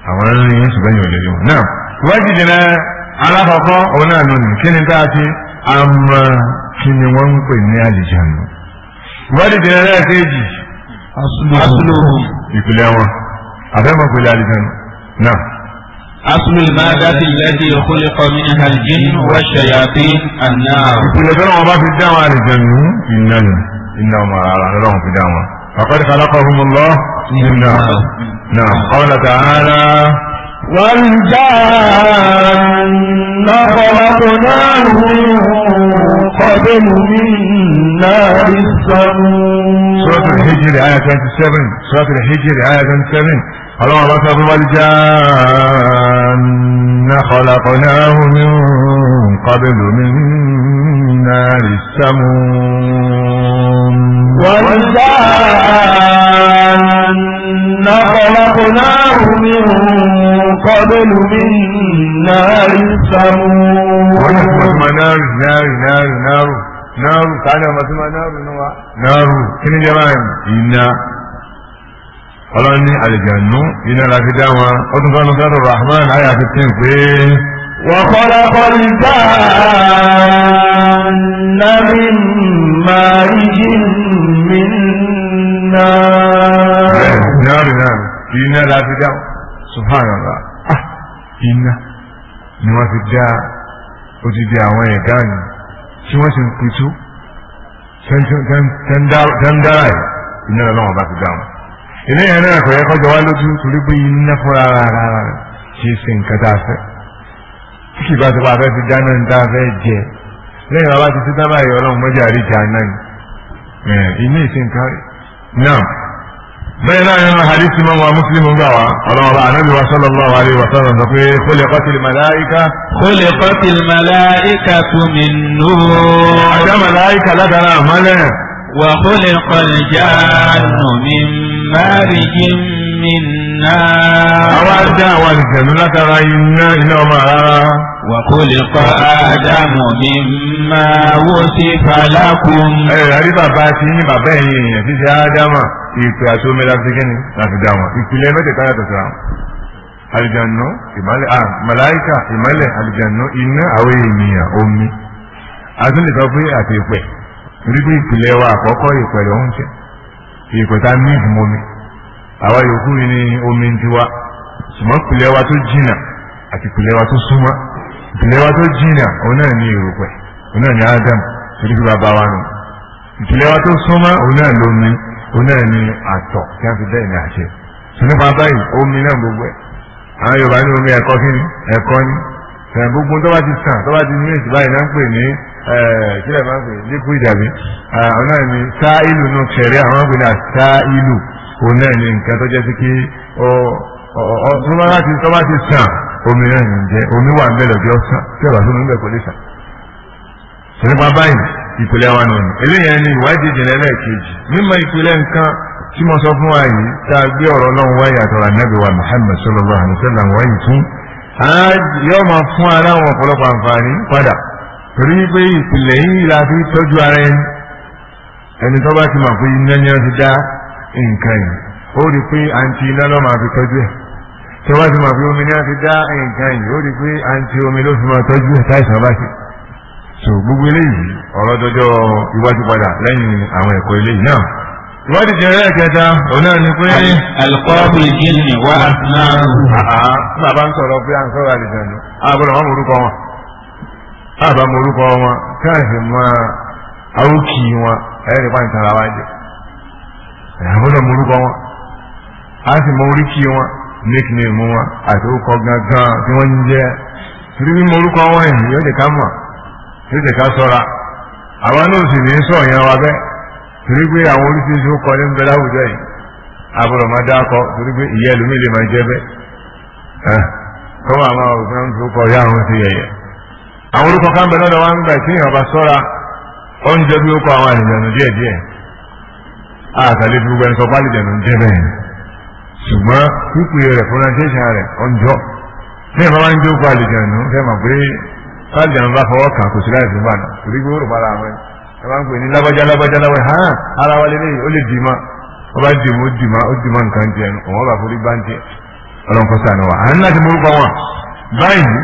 àwọn ń rí yín ṣùgbọ́n yóò lè rí wọn. náà ìwádìí jìnnà alákọ̀ọ́kọ́ òun náà lónìí kí ni tá a ti àmọ́ kí ni wọ́n ń pè ní àlìjánu. ìwádìí jìnnà náà kéjì. asuluhu ìpìlẹ̀ wọn àfẹ́mọ̀ pẹ̀lú àlìjẹ́nu náà. أصل المادة التي خلق منها الجن والشياطين النار. ìpìlẹ̀ tó náà wọ́n bá fi dáhùn àlìjẹ́nu iná ni iná ọmọ ara ọlọ́run fi dáhùn. فقد خلقهم الله إنا نعم قال تعالى والجان خلقناه قبل من نار السموم سورة الحجر آية 27 سورة الحجر آية 27 الله الله والجان خلقناه من قبل من نار السموم والجان خلقناه من قبل من نار ثمود نار نار نار نار نار تعالى ما تسمى نار نار كن جرائم إنا قال على جنة إنا لا تدعوى قد قال قال الرحمن آية 60 وخلق الجن من مارج من نار نار نار إنا لا subhanallah ah iná ni wọ́n fi dá odidi àwọn ẹ̀dá ni tí wọ́n sì ń pitú tẹ́ńdára yìí iná lọ́wọ́ bá ti dá wọn. eléyìí náà kò yẹ kọjọ wá lójú torí pé iná fúnra rárá rẹ̀ kì í ṣe nǹkan tá a fẹ́ tí kì bá ti bá a fẹ́ ti dáná ní tá a fẹ́ jẹ lẹ́yìn bá bá ti ti dábàá yìí ọlọ́run mọ́jà rí náà ni iná ìṣe nǹkan náà bẹ́ẹ̀ náà nínú hadith imam wa muslim ń gbà wá ọ̀rọ̀ ọ̀rọ̀ anabi wa sallallahu alayhi wa sallam sọ pé khuliqatil malaika. khuliqatil malaikatu min nur. àjọ màláìka ládàá náà mọ́lẹ̀. wa khuliqal jannu min marijin min nar. àwa dá àwọn àlùjẹ̀nu látara iná iná ọmọ rárá. وخلق آدم مما وصف لكم ẹ̀rọ rí bàbá tí ní bàbá ẹ̀yìn èèyàn ti ṣe ádámà ìpè àti omi láti kí ni láti dá wọn ìpìlẹ̀ mẹ́tẹ̀ẹ̀ta yàtọ̀ síra wọn alìjànú ìmọ̀lẹ̀ à màláìkà ìmọ̀lẹ̀ alìjànú iná àwọn ènìyàn omi àti lè sọ pé àti ìpẹ̀ rí bí ìpìlẹ̀ wa àkọ́kọ́ ìpẹ̀ rẹ̀ ń jẹ́ ìpẹ̀ tá ní ìfún omi àwa ìpìlẹ̀ jina tó jìnnà òun náà ní Adam torí fi bàbá wa nù ìpìlẹ̀ wa tó súnmọ́ òun náà lómi òun náà ní àtọ̀ kí omi náà gbogbo ẹ̀ àwọn Yorùbá omi ẹ̀kọ́ kí ni ẹ̀kọ́ ni ẹ̀ gbogbo tó bá ti sàn tó bá ti ní èsì báyìí náà ń pè ní kílẹ̀ máa ń pè liquid àbí òun náà ní sáà ìlú nù kẹrẹ àwọn máa ń pè ní ìlú òun náà nǹkan tó jẹ́ sí kí ọ ọ tó bá ti sàn omi náà ní jẹ omi wà ń bẹ lọ́jọ́ ọ̀sán tí ọ̀rọ̀ sómi ń kò lè sàn. sọ̀rọ̀pá báyìí ìpìlẹ̀ wa nù. eléyìí ni ìwádìí ìjìnlẹ̀ lẹ́ẹ̀kejì mímọ̀ ìpìlẹ̀ nǹkan tí mo sọ fún wa yìí tá a gbé ọ̀rọ̀ ọlọ́run wáyé àtọ̀rọ̀ ànábì wa Muhammad sallallahu alaihi wasallam wáyé fún. yóò máa fún ara àwọn ọ̀pọ̀lọpọ̀ àǹfààní padà torí pé ìpìlẹ̀ yìí la fi tọ́jú ara ẹni ẹni tó bá ti mọ̀ pé iná ni wọ́n ti dá nǹkan yìí ó rí i pé àǹtí iná lọ́ máa fi tọ́jú ẹ̀ tí wọ́n ti mọ̀ pé omi ní wọ́n ti dá nǹkan yìí ó rí pé àǹtí omi ló fi máa tọ́jú ẹ̀ta bá ṣe so gbogbo eléyìí ọ̀rọ̀ dọjọ́ iwájú padà lẹ́yìn àwọn ẹ̀kọ́ eléyìí náà ìwádìí jẹ́ ẹ̀rẹ́ òun náà ni pé. alikọ́ọ̀bù ìjìnlẹ̀ wá náà. bàbá ń sọ̀rọ̀ pé à ń sọ̀rọ̀ àlìjẹ̀nu àbúrò wọn mú orúkọ wọn àbá mú orúkọ wọn káàsì máa arókì wọn ẹ̀rẹ́ nípa ìtara wájú nickname wọn àti orúkọ gangan tí wọ́n ń jẹ́ torí mímọ̀ orúkọ wọn yìí yóò jẹ́ ká mọ̀ yóò jẹ́ sọ́ra àwa náà sì ní sọ wa àwọn oríṣiríṣi ó kọ ní bẹ láwùjọ yìí àbúrò máa dá kọ torí ma ìyá ẹlòmíì lè máa jẹ bẹ́ẹ̀ kọ́ wà òfin àwọn tó kọ ya àwọn ti àwọn orúkọ gbà tí bá sọ́ra ó ń jẹ bí ó kọ àwọn àlejò àtàlẹ́ fi gbogbo ṣùgbọ́n pípé rẹ̀ pronunciation rẹ̀ ọjọ́ ní ìbáwá ń jókòó àlejànú fẹ́ mọ̀ pé sáàlìjànú bá fọwọ́ kàn kò sí láì fún bàdàn torí pé ó rò bára rẹ̀ ẹ máa ń pè ní lábọ́já lábọ́já lábọ́já hàn ara wa lélẹ́yìn ó lè dì mọ́ ó bá dì mọ́ ó dì mọ́ ó dì mọ́ òun ọba forí gbá ń jẹ ọlọ́run sànù wa à ń láti morúkọ wọn báyìí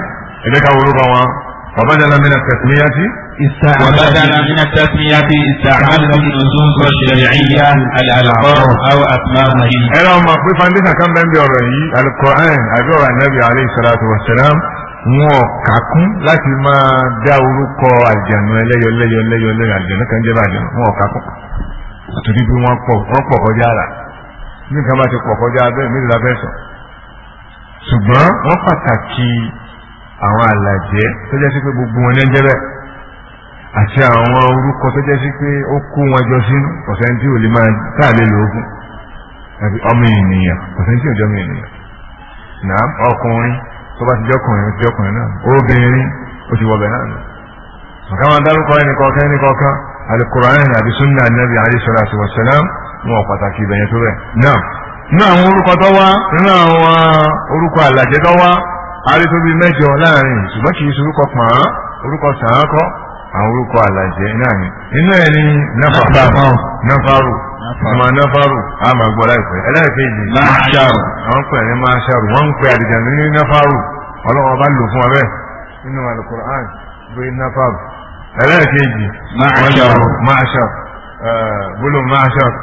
ẹ̀dẹ́ka morúkọ wọn bàbá jẹ́ kẹsìmíyàtì وبدل من التسمية استعملت النصوص الشرعية الألفاظ أو أسماء الدين. أنا ما في فندسة كم بين بيوري القرآن أبي النبي عليه الصلاة والسلام wọn kà kún láti máa dá orúkọ àjànú ẹlẹ́yọ lẹ́yọ lẹ́yọ lẹ́yọ àjànú kan jẹ́ bàjẹ́ wọn kà kún bí wọ́n pọ̀ wọ́n pọ̀ kọjá rà nǹkan bá ti pọ̀ kọjá abẹ́ mi lábẹ́ sọ ṣùgbọ́n wọ́n pàtàkì àwọn àlàjẹ́ tó jẹ́ sí pé gbogbo wọn ní ẹjẹ́ bẹ́ẹ̀. àti àwọn orúkọ tó jẹ́ sí pé ó kó wọn jọ sínú ò lè máa ọmọ ènìyàn kọ̀sẹ́ntì ò jọ ọmọ ènìyàn náà ọkùnrin tó bá ti jọkùnrin ó ti jọkùnrin náà obìnrin ó ti wọbẹ̀ náà nù. ọ̀ká máa dárúkọ ẹnìkọ̀ọ̀kan àbí sunna alayhi pàtàkì ìbẹ̀yẹn tó bẹ̀. náà àwọn orúkọ tó wá àwọn orúkọ àlàjẹ́ náà ni nínú ẹ̀ ní náfàrù ọmọ náfàrù a máa gbọ́ láìpẹ́ ẹlẹ́ẹ̀kejì máṣàrù wọ́n pè ní máṣàrù wọ́n ń pè àdìjànú ní náfàrù ọlọ́wọ́ bá lò fún abẹ́ nínú alukur'an bí náfàrù ẹlẹ́ẹ̀kejì máṣàrù máṣàrù gbólóhùn máṣàrù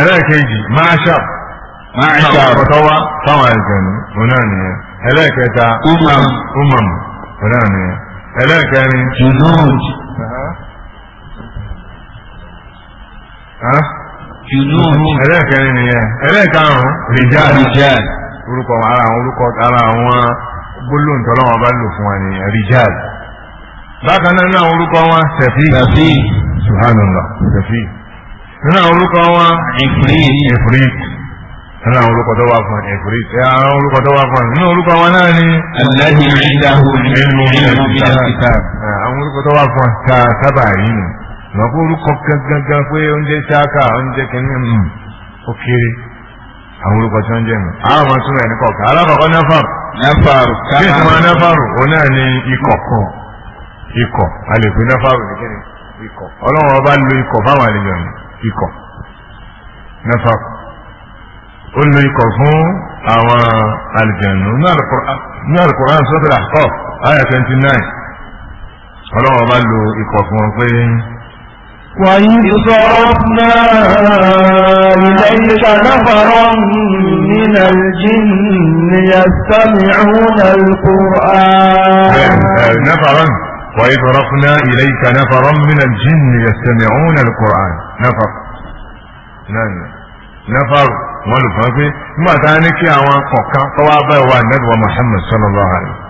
ẹlẹ́ẹ̀kejì máṣà máṣà ọ̀tọ́wá táwọn àìjẹ̀nu ọ̀nà nìyẹn ẹlẹ́ẹ̀kẹta umam ọ̀nà nìyẹn ẹlẹ́ẹ̀kẹrin junud junud ẹlẹ́ẹ̀kẹrin nìyẹn ẹlẹ́ẹ̀karùn-ún rìjáàlì orúkọ ara àwọn orúkọ ara àwọn gbólóhùn tọ́lọ́wọ́n bá lò fún wa nìyẹn rìjáàlì bákan náà ní àwọn orúkọ wọn sẹ̀fí sẹ̀fí subhanallah sẹ̀fí. nínú àwọn orúkọ wa ìfúrít nínú àwọn orúkọ tó wà fún ìfúrít àwọn orúkọ tó wà fún orúkọ wa náà ni. aláhi ìdáhù nínú ìlú ìlàkìtà. ta sábà yìí nù lọ́kọ́ orúkọ gangan pé oúnjẹ ṣáàkà oúnjẹ kìíní ó kéré àwọn orúkọ tí wọ́n jẹ́ nù. àwọn ọmọ túnbọ̀ ẹni kọ̀ọ̀kan alábàkọ́ náfàrù. náfàrù kí ni òun náà ni ikọ̀ ikọ̀ ikọ̀ nafa ó lo ikọ̀ fún àwọn àlìjẹ̀nù ní alukur'an sọ́tìlá kọ́ ayà twenty nine ọlọ́wọ́ bá lo ikọ̀ fún wọn pé. وإذ صرفنا إليك نفرا من الجن يستمعون القرآن نفرا وإذ رفنا إليك نفرا من الجن يستمعون القرآن نفر نعم نفر ولفظ ما تانك يا وان قوكا طوابا وان محمد صلى الله عليه وسلم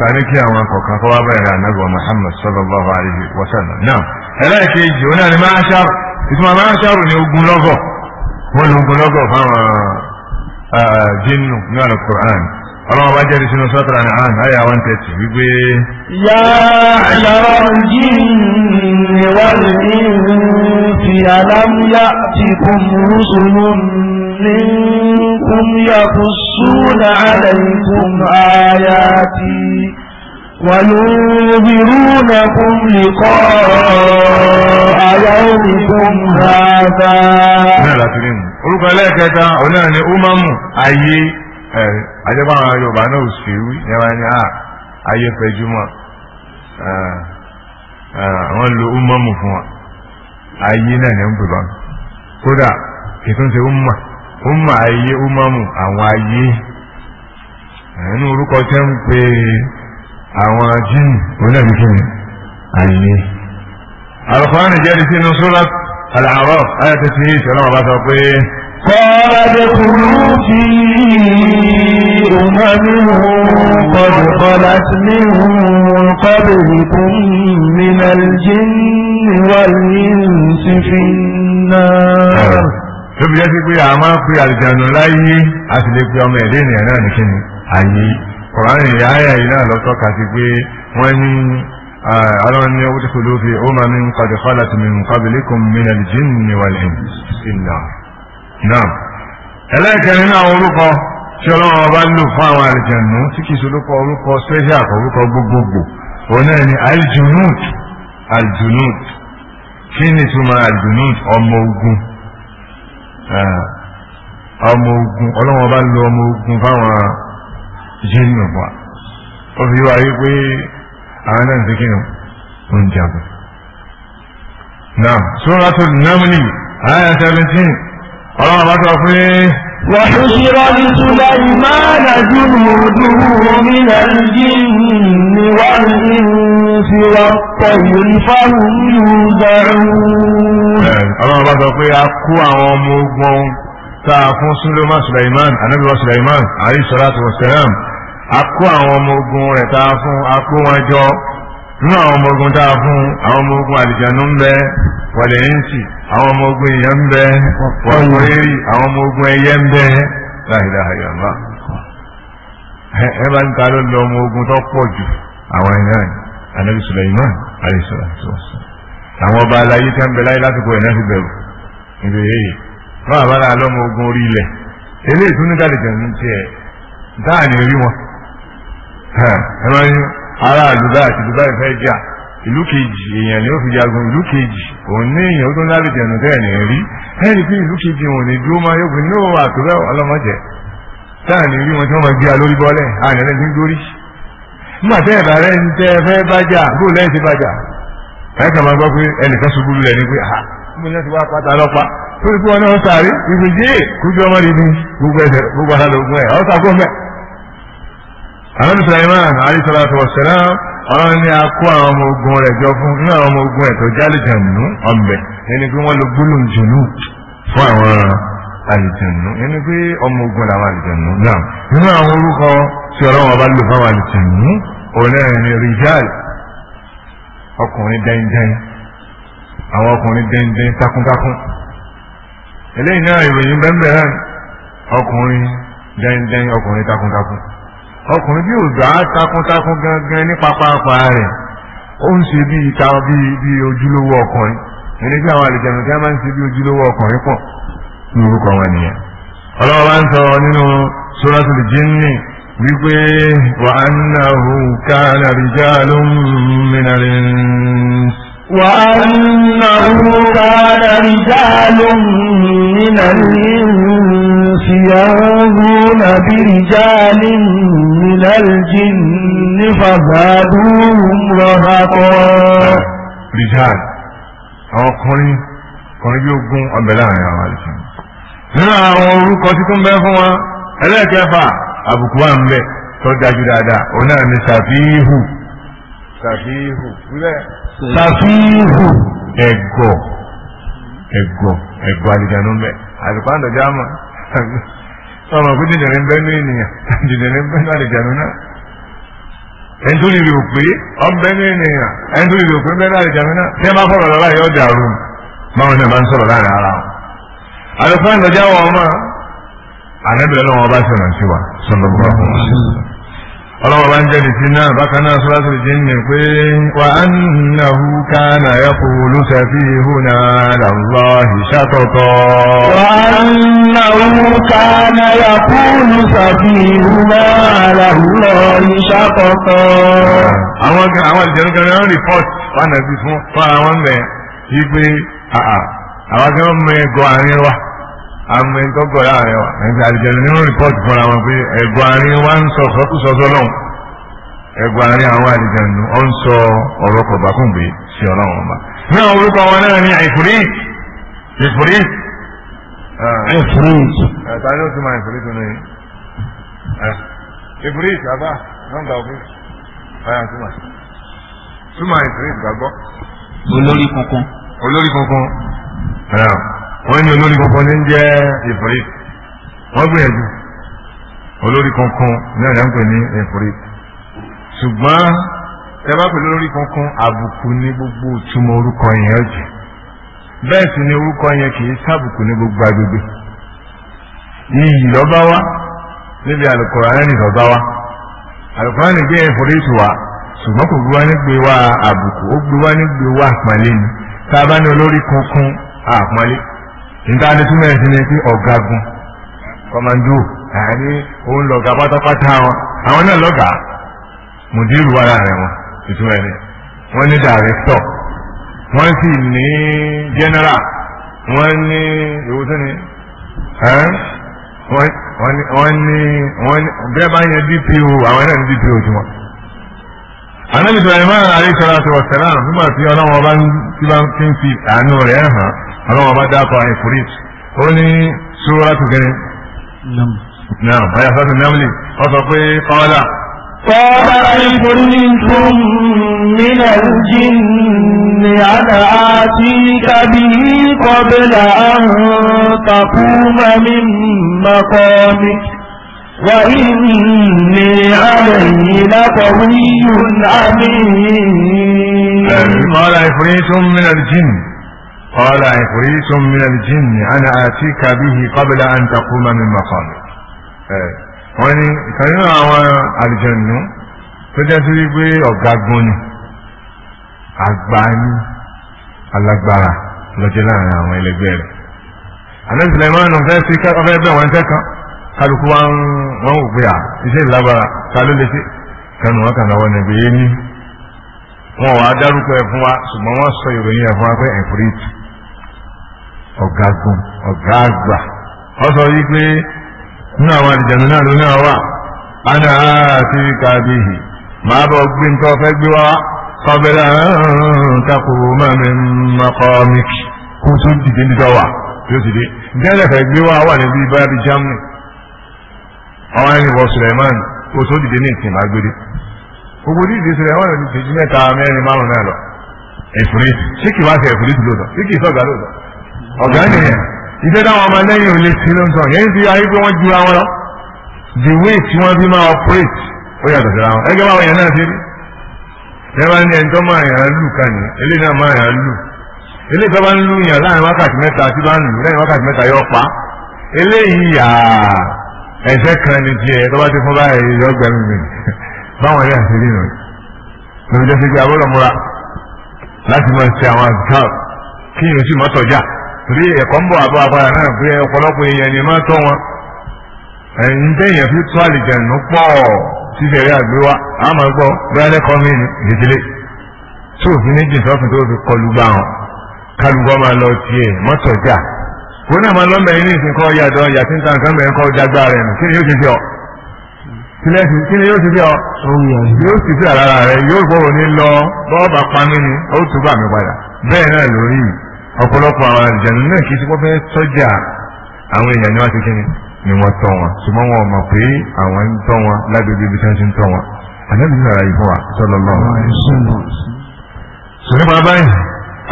تانك يا وان قوكا طوابا يا محمد صلى الله عليه وسلم نعم هلاك يجي هنا لما المعشر اسمه معشر يقول لغو ولو يقول لغو فما آه، جن من نعم، القرآن ọlọ́wọ́ bá jẹ́rìí sínú sọ́tàrà ní àn àyà 130 wípé. yá àyàrá yìí ni wọ́n ní fi alámúyá ti kún rúṣùlù ní kún yà kú súnà àlẹ́kùn àyà ti وينذرونكم لقاء يومكم هذا. orúkọ ẹlẹ́ẹ̀kẹta ọ̀nà ni ó máa mú ayé ẹ̀rí ajẹ́pọ̀ àwọn Yorùbá náà ò sí wí ní ẹ̀rọ ni ayé pẹ̀júmọ́ àwọn lo umamu fún wa ayé náà ní ń pè bá kódà kìtún ṣe umma umma ayé umamu àwọn ayé nínú orúkọ tẹ́ ń pe àwọn jíìnì onídàbíkìnì ayé. alukóhánì jẹ́rìí sínú sólà àlàárọ̀ ayé tẹ̀sí ìṣẹ̀lẹ̀ wọn bá sọ pé. قال ادخلوا في أمم قد خلت من قبلكم من الجن والإنس في النار tóbi jẹ́ sí pé a máa ń pe àlìjànù láyé a sì lè pe ọmọ ẹ̀dẹ́ ènìyàn náà nìkíni àyè kọ̀ránì ìyáàyà yìí náà lọ́tọ́ kà sí pé wọ́n ní ọlọ́run ní ọwọ́ tí kò lóòfin ó máa ń kọ́dẹ̀kọ́ láti mìíràn kábìlì kan mìíràn jìn ní wàlẹ̀ náà ẹlẹ́ẹ̀kẹrin náà orúkọ tí ọlọ́run ọba lò fún àwọn àlìjẹ̀nù tí kìí ṣolúkọ orúkọ special kọ orúkọ gbogbogbò òun náà ni aljunud aljunud kí ni ìtumọ̀ aljunud ọmọ ogun ọmọ ogun ọlọ́run ọba lò ọmọ ogun fáwọn jíìnù wa ó fi wáyé pé àwọn náà ń fi kí ó ń jagun. náà suratul namli àyà 17 ọlọ́run bá sọ pé. وحشر لسليمان جنوده من الجن والإنس والطير فهم يوزعون. ọlọ́run bá sọ pé a kó àwọn ọmọ ogun tá a fún sulema suleiman anabi wa suleiman alayhi salatu wa salam a kó àwọn ọmọ ogun rẹ̀ tá a fún a kó wọn jọ nínú àwọn ọmọ ogun tá a fún àwọn ọmọ ogun àlìjánu àwọn ọmọ ogun èèyàn ń bẹ wọ́n kọ́ eré àwọn ọmọ ogun ẹyẹ ń bẹ láìláha yàrá ẹ bá ń ta ló lọ ọmọ ogun tó pọ̀ jù àwọn ẹ̀yà anabi Sulaiman alayisalaam àwọn ọba aláyé tẹ́ ń bẹ láyé lásìkò ẹ̀ náà fi bẹ̀rù ìbéèrè yìí wọ́n àbára lọ́mọ ogun orí ilẹ̀ eléyìí tún ní jáde jẹ̀ ní tiẹ̀ dáà ní wọn ẹ máa ń aráàlú báyìí àti Dubai fẹ́ jà ìlú kejì èèyàn ni ó fi jagun ìlú kejì òun ní èèyàn ó tó lárí jẹnu tẹ́ ẹ̀ ní rí ẹni pé ìlú kejì òun ní dúró máa yóò fi ní òun àtúbẹ̀ ọlọ́mọdé táà ní rí wọn tí wọ́n máa gbé alórí bọ́lẹ̀ àlẹ́lẹ́ tí ń dórí. nígbà tẹ́ ẹ̀bà rẹ̀ ń tẹ́ fẹ́ bájà bó lẹ́yìn ti bájà ẹ̀ka máa gbọ́ pé ẹnìkan ṣubú lulẹ̀ ni pé ha mo ní láti wá pátá lọ́pàá tó ti wọn náà sáré ìgbèjì kújú àwọn Sulaiman alayhi salatu wa salam àwọn ní akó àwọn ọmọ ogun rẹ̀ jọ fún ní àwọn ọmọ ogun ẹ̀tọ́ jálìjànú ọ̀bẹ ẹni pé wọ́n lo gbólóhùn jùnú fún àwọn àlìjànú ẹni pé ọmọ ogun làwọn àlìjànú náà nínú àwọn orúkọ tí ọlọ́wọ́n bá lò fáwọn àlìjànú òun ẹni rìjáàlì ọkùnrin dẹ́ndẹ́n àwọn ọkùnrin dẹ́ndẹ́n takuntakun eléyìí náà ìròyìn bẹ́ẹ̀ bẹ́ẹ̀ ọkùnrin dẹ́ndẹ́n ọkùnrin takuntakun ọkùnrin bí ògbà takuntakun gangan ní pápákọ̀ rẹ̀ ó ń ṣe bí ìta bí ojúlówó ọkùnrin ẹni tí àwọn àlejò ẹ̀mí kí wọ́n máa ń ṣe bí ojúlówó ọkùnrin pọ̀ ní orúkọ wọn nìyẹn. ọlọ́wọ́ bá ń sọ nínú suratul jinni wípé wa annahu kana rijalun minal ins. wa annahu kana rijalun minal ins. الإنس يعوذون برجال من الجن فزادوهم رهقا رجال أو قرين قرين يوقون أبلا يا والسلام nínú àwọn orúkọ títún bẹ fún wọn ẹlẹ́ẹ̀kẹfà àbùkù wà ń bẹ tó dájú dáadáa òun náà ni ṣàfihù ṣàfihù ṣàfihù ẹ̀gọ̀ ẹ̀gọ̀ ẹ̀gọ̀ àlìjánu bẹ àlùkò àndọ̀já mọ̀ ọmọ kó jìnnìrì ń bẹ́ ní ènìyàn jìnnìrì ń bẹ́ ní àlejànú náà ẹni tó lè rò pé ọbẹ̀ ní ènìyàn ẹni tó lè rò pé ń bẹ́ ní àlejànú náà tí ẹ bá fọ̀rọ̀ lọ́la yóò dàrú báwọn náà bá ń sọ̀rọ̀ láàrin ara wọn. àlùfáà ìlọjà wọn ọmọ àlẹ́bẹ̀rẹ̀ lọ́wọ́ bá ọlọ́wọ́ bá ń jẹ́ lè ti náà bákan náà sọ́lá sọ́lá jẹ́ ní pé wà á ní ìnáwó kánà ya kò lóṣẹ̀ sí ihò náà lọ́wọ́ ìṣàtọ̀tọ̀. wà á ní ìnáwó kánà ya kò lóṣẹ̀ sí ihò náà lọ́wọ́ ìṣàtọ̀tọ̀. àwọn àwọn ìjẹun kan náà rìpọ́t wà nàbí fún fún àwọn mẹ́ yí pé àwọn akẹ́wọ̀n mẹ́ gọ àárín wa àmọ́ ẹni tó gọ̀ọ́ láàrin wa ẹni tí àlìjẹ̀lú nínú rìpọ́ọ̀tì fúnra wọn pé ẹ̀gbọ́n àárín wa ń sọ sọ́kúsọ sọ́lọ́hún ẹ̀gbọ́n àárín àwọn àlìjẹ̀lú ọ̀ ń sọ ọ̀rọ̀ kọ̀ọ̀bá fún gbé sí ọlọ́run ọba. ní àwọn orúkọ wọn náà ní ìfúrít ìfúrít. ìfúrít. ẹ̀ta ni ah. eh, ó ti máa ìfúrít nù yìí. ìfúrít àbá nọ́ńdà ọ̀fíìs báyà túmọ̀ túmọ̀ ìfúrít gbàgbọ́. olórí kankan. olórí kankan wọ́n ní olórí kankan ní ń jẹ́ ìfúrit wọ́n gbìyànjú olórí kankan ní ọ̀yà ń pè ní ìfúrit ṣùgbọ́n ẹ bá pèlú olórí kankan àbùkù ní gbogbo ìtumọ̀ orúkọ yẹn ọ̀jẹ̀ bẹ́ẹ̀ sì ni orúkọ yẹn kì í sábùkù ní gbogbo agbègbè iyì lọ́ba wa níbi àlùkùránì lọ́ba wa àlùkùránì gbé ìfúrit wa ṣùgbọ́n kò gbé wá nígbè wá àbùkù ó gbé wá nígbè wá àpọ́nlé ni tá a bá ní olórí kankan àpọ́nlé níta ni túmọ̀ ẹ̀sìn ni pé ọ̀gágun kọmandó àní òun lọ̀gá pátápátá wọn àwọn náà lọ̀gá mùdírù wà láàrin wọn ìtumọ̀ ẹni wọ́n ní dàrẹ́tọ̀ wọ́n sì ní jẹ́nẹ́rà wọ́n ní ìwò tó ní wọ́n ní bẹ́ẹ̀ bá yẹ dpo àwọn náà ní dpo tiwọn anabi sulaiman alayhi salatu wa salam nígbà tí ọlọ́wọ́ bá ń tí bá ti ń fi àánú rẹ̀ hàn ọlọ́wọ́ bá dákọ̀ ìfúrit ó ní sura tó kẹrin. naam ayé asọ́tún namli ó sọ pé kọ́lá. kọ́lá ìfúrítùm من الجن أنا آتيك به قبل أن تقوم من مقامك وإني على لقوي أمين قال عفريت من الجن قال عفريت من الجن أنا آتيك به قبل أن تقوم من مقامك wọ́n ní ìkan nínú àwọn àlùjànnú tó jẹ́ sí wípé ọ̀gágun ni àgbà ní alágbára lọ́jọ́ láàrin àwọn ẹlẹgbẹ́ rẹ̀ àlẹ́ Sùlẹ́mánù fẹ́ sí ọfẹ́ bẹ̀ wọ́n tẹ́kan kálukú wọn wò pé à iṣẹ́ ìlágbára ta ló lè ṣe kẹnu kanawa na lọ́wọ́ níbi wọn wàá dárúkọ ẹ wa ṣùgbọ́n wọn sọ ìròyìn ẹ wa pé ọsọ yi kwe àgbà sọ yí pé nínú àwọn náà ana àti kàbíyì màá bọ̀ gbé nǹkan fẹ́ gbé wá kó dìde ti dé gbé wà níbi kó tó dìde ní ìsìn máa gbére gbogbo dídì sílẹ̀ wọ́n lè ṣèjú mẹ́ta mẹ́rin márùn náà lọ ẹ̀fúrẹ́sì ṣé kì wá sí ẹ̀fúrẹ́sì lóòótọ́ ṣé kì í sọ̀gá lóòótọ́ ọ̀gá nìyẹn iṣẹ́ táwọn ọmọ lẹ́yìn ò lè sí ló ń sọ yẹn ti ayé pé wọ́n ju àwọn lọ the way tí wọ́n fi máa operate ó yàtọ̀ síra wọn ẹgbẹ́ báwọn yẹn náà ṣe rí ẹ bá ní ẹjọ́ máa yàn án lù kan ní ilé náà máa yàn án lù ilé ìjọba ń lù yàn láàrin wákàtí mẹ́ta tí bá ń lù lẹ́yìn wákàtí mẹ́ta yọ pa eléyìí yàá. ẹsẹ kan ní tiẹ̀ tó bá ti fún báyìí yọ gbẹmí mi báwọn yà sí nínú lórí jẹ́ sígbà bọ́lọ̀ láti máa ṣe àwọn àgbà kí yóò sì mọ́tọ̀já torí ẹ̀kọ́ ń bọ̀ àbọ̀ àbára náà pé ọ̀pọ̀lọpọ̀ èèyàn ni máa tọ́ wọn ẹ̀yìn tẹ̀yìn fi tó àlìjẹ̀nù pọ̀ àgbé wa a máa gbọ́ bẹ́ẹ̀ lẹ́kọ́ mi ìdílé tó òfin méjì sọ́fin tó fi kọlu gbà wọn kálukọ́ máa wọn náà máa lọ́mọ ẹni ìsìn kọ́ yàtọ̀ yàtí ń ta nǹkan mẹ́rin kọ́ dágbà rẹ̀ nù kí ni yóò ti fi ọ́ kí ni yóò ti fi ọ́ yóò ti fi àrà rẹ̀ yóò bọ̀ ní lọ bọ́ọ̀bà pamí ni ó tún bà mí padà bẹ́ẹ̀ náà lórí ọ̀pọ̀lọpọ̀ àwọn àjẹnú náà kì í ti pọ́fẹ́ tọ́jà àwọn èèyàn ni wọ́n ti kí ni ni wọ́n tọ́ wọn ṣùgbọ́n wọn mọ̀ pé àwọn ń tọ́ wọn lágbègbè ibi tí wọ́n ti ń tọ́ wọn àlẹ́bí sọ̀rọ̀ yìí fún wa sọ̀rọ̀ lọ́wọ́. sọ̀rọ̀ bàbá yìí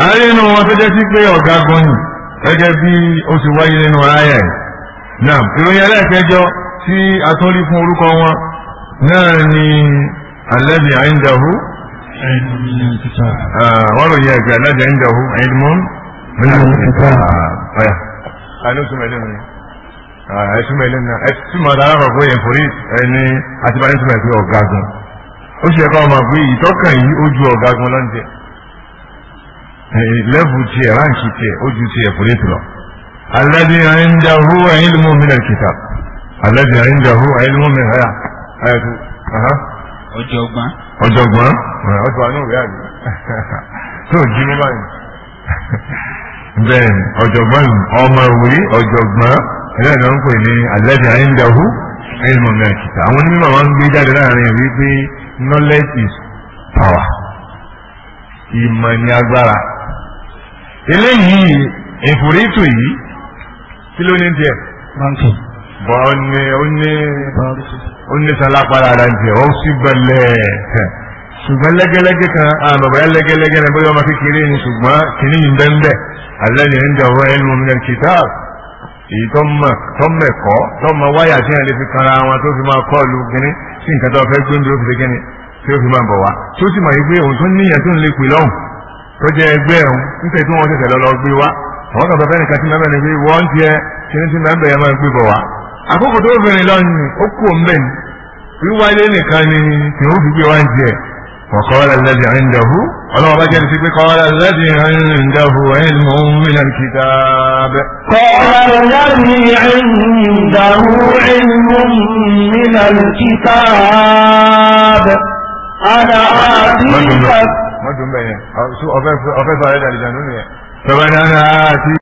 àárẹ̀ inú wọn tó jẹ́ sí pé ọ̀gágun yìí gẹ́gẹ́ bí ó ti wáyé nínú ayé ẹ̀ náà ìròyìn ẹlẹ́ẹ̀kẹjọ tí a tún rí fún orúkọ wọn náà ni alẹ́bí àyíǹdàhù ah, wọ́n rò yẹ ẹ̀gbẹ́ alẹ́bí àyíǹdàhù àyíǹdàmọ́n ọ̀yà alóṣùmẹ̀lẹ́ mi ah, ẹ̀ṣùmẹ̀lẹ́ náà ẹ̀ṣùmọ̀ dára rọ̀ fún ẹ̀fọ́rí ẹni àtibáyé ṣùmẹ̀ pé ọ̀gágun ó ṣe ẹ̀kọ́ ọmọ pé ìtọ́kàn yìí ó ju ọ̀gágun lọ́njẹ́ o lẹ́fù tiẹ̀ ráǹkì tiẹ̀ ojú tiẹ̀ fúrẹ́tì lọ. alladhi indahu ilmun min al-kitab alladhi indahu ilmun min ẹ̀yà ayẹ̀tù. ọ̀jọ̀gbọ́n. ọ̀jọ̀gbọ́n ọ̀tọ̀ àánú rẹ̀ àgbẹ̀ <laughs> tó jí mi báyìí. <laughs> bẹ́ẹ̀ ọ̀jọ̀gbọ́n ọmọ ìwé ọ̀jọ̀gbọ́n ẹ̀rẹ́ ìlànà ń pè ní alladhi indahu ilmun min al-kitab àwọn onímọ̀ wọn ń gbé jáde láàrin wípé knowledge is power ìmọ̀ ni agbára eléyìí ìfòrítù yìí kí ló ní tiẹ̀. bọ́ ọ ní ó ní ó ní sálápàdà rẹ̀ tiẹ̀ ó sì gbẹlẹ̀ ṣùgbọ́n lẹ́gẹ́lẹ́gẹ́ kan àwọn bàbá yẹn lẹ́gẹ́lẹ́gẹ́ ni bóyá ọmọ kékeré ni ṣùgbọ́n kìíní yìí ń bẹ́ ń bẹ́ alẹ́ ni ń dọ̀wọ́ ẹnu mi náà kìtáàbù èyí tó mọ̀ tó mẹ̀kọ́ tó mọ wáyà tí wọ́n lè fi kanra wọn tó fi máa kọ́ọ̀lù kínní sí nǹkan tó fẹ́ gbé ń dúró fi kínní tí ó fi máa bọ̀ wá tó sì mọ̀ yìí pé òun tó níyàn tó ń lè pè lọ́hùn tó jẹ́ ẹgbẹ́ ẹ̀hún nítorí tí wọ́n ṣẹ̀ṣẹ̀ lọ lọ gbé wá àwọn kan fẹ́fẹ́ nìkan tí mẹ́fẹ́ ni pé wọ́n tiẹ̀ kíní tí mẹ́fẹ́ yẹn máa gbé bọ̀ wá. àkókò tó obìnrin lọ ni ó kú òǹbẹ̀ ni wíwáyé nìkan ni kì í fi gbé wá ń tiẹ̀. وقال الذي عنده ولو رجل في قال الذي عنده علم من الكتاب قال الذي عنده علم من الكتاب أنا آتيك mọ́tò ń bẹ̀ yẹn ọ̀fẹ́ sọ ayé dàlìjà nínú yẹn. sọ̀bẹ̀dàdà àti.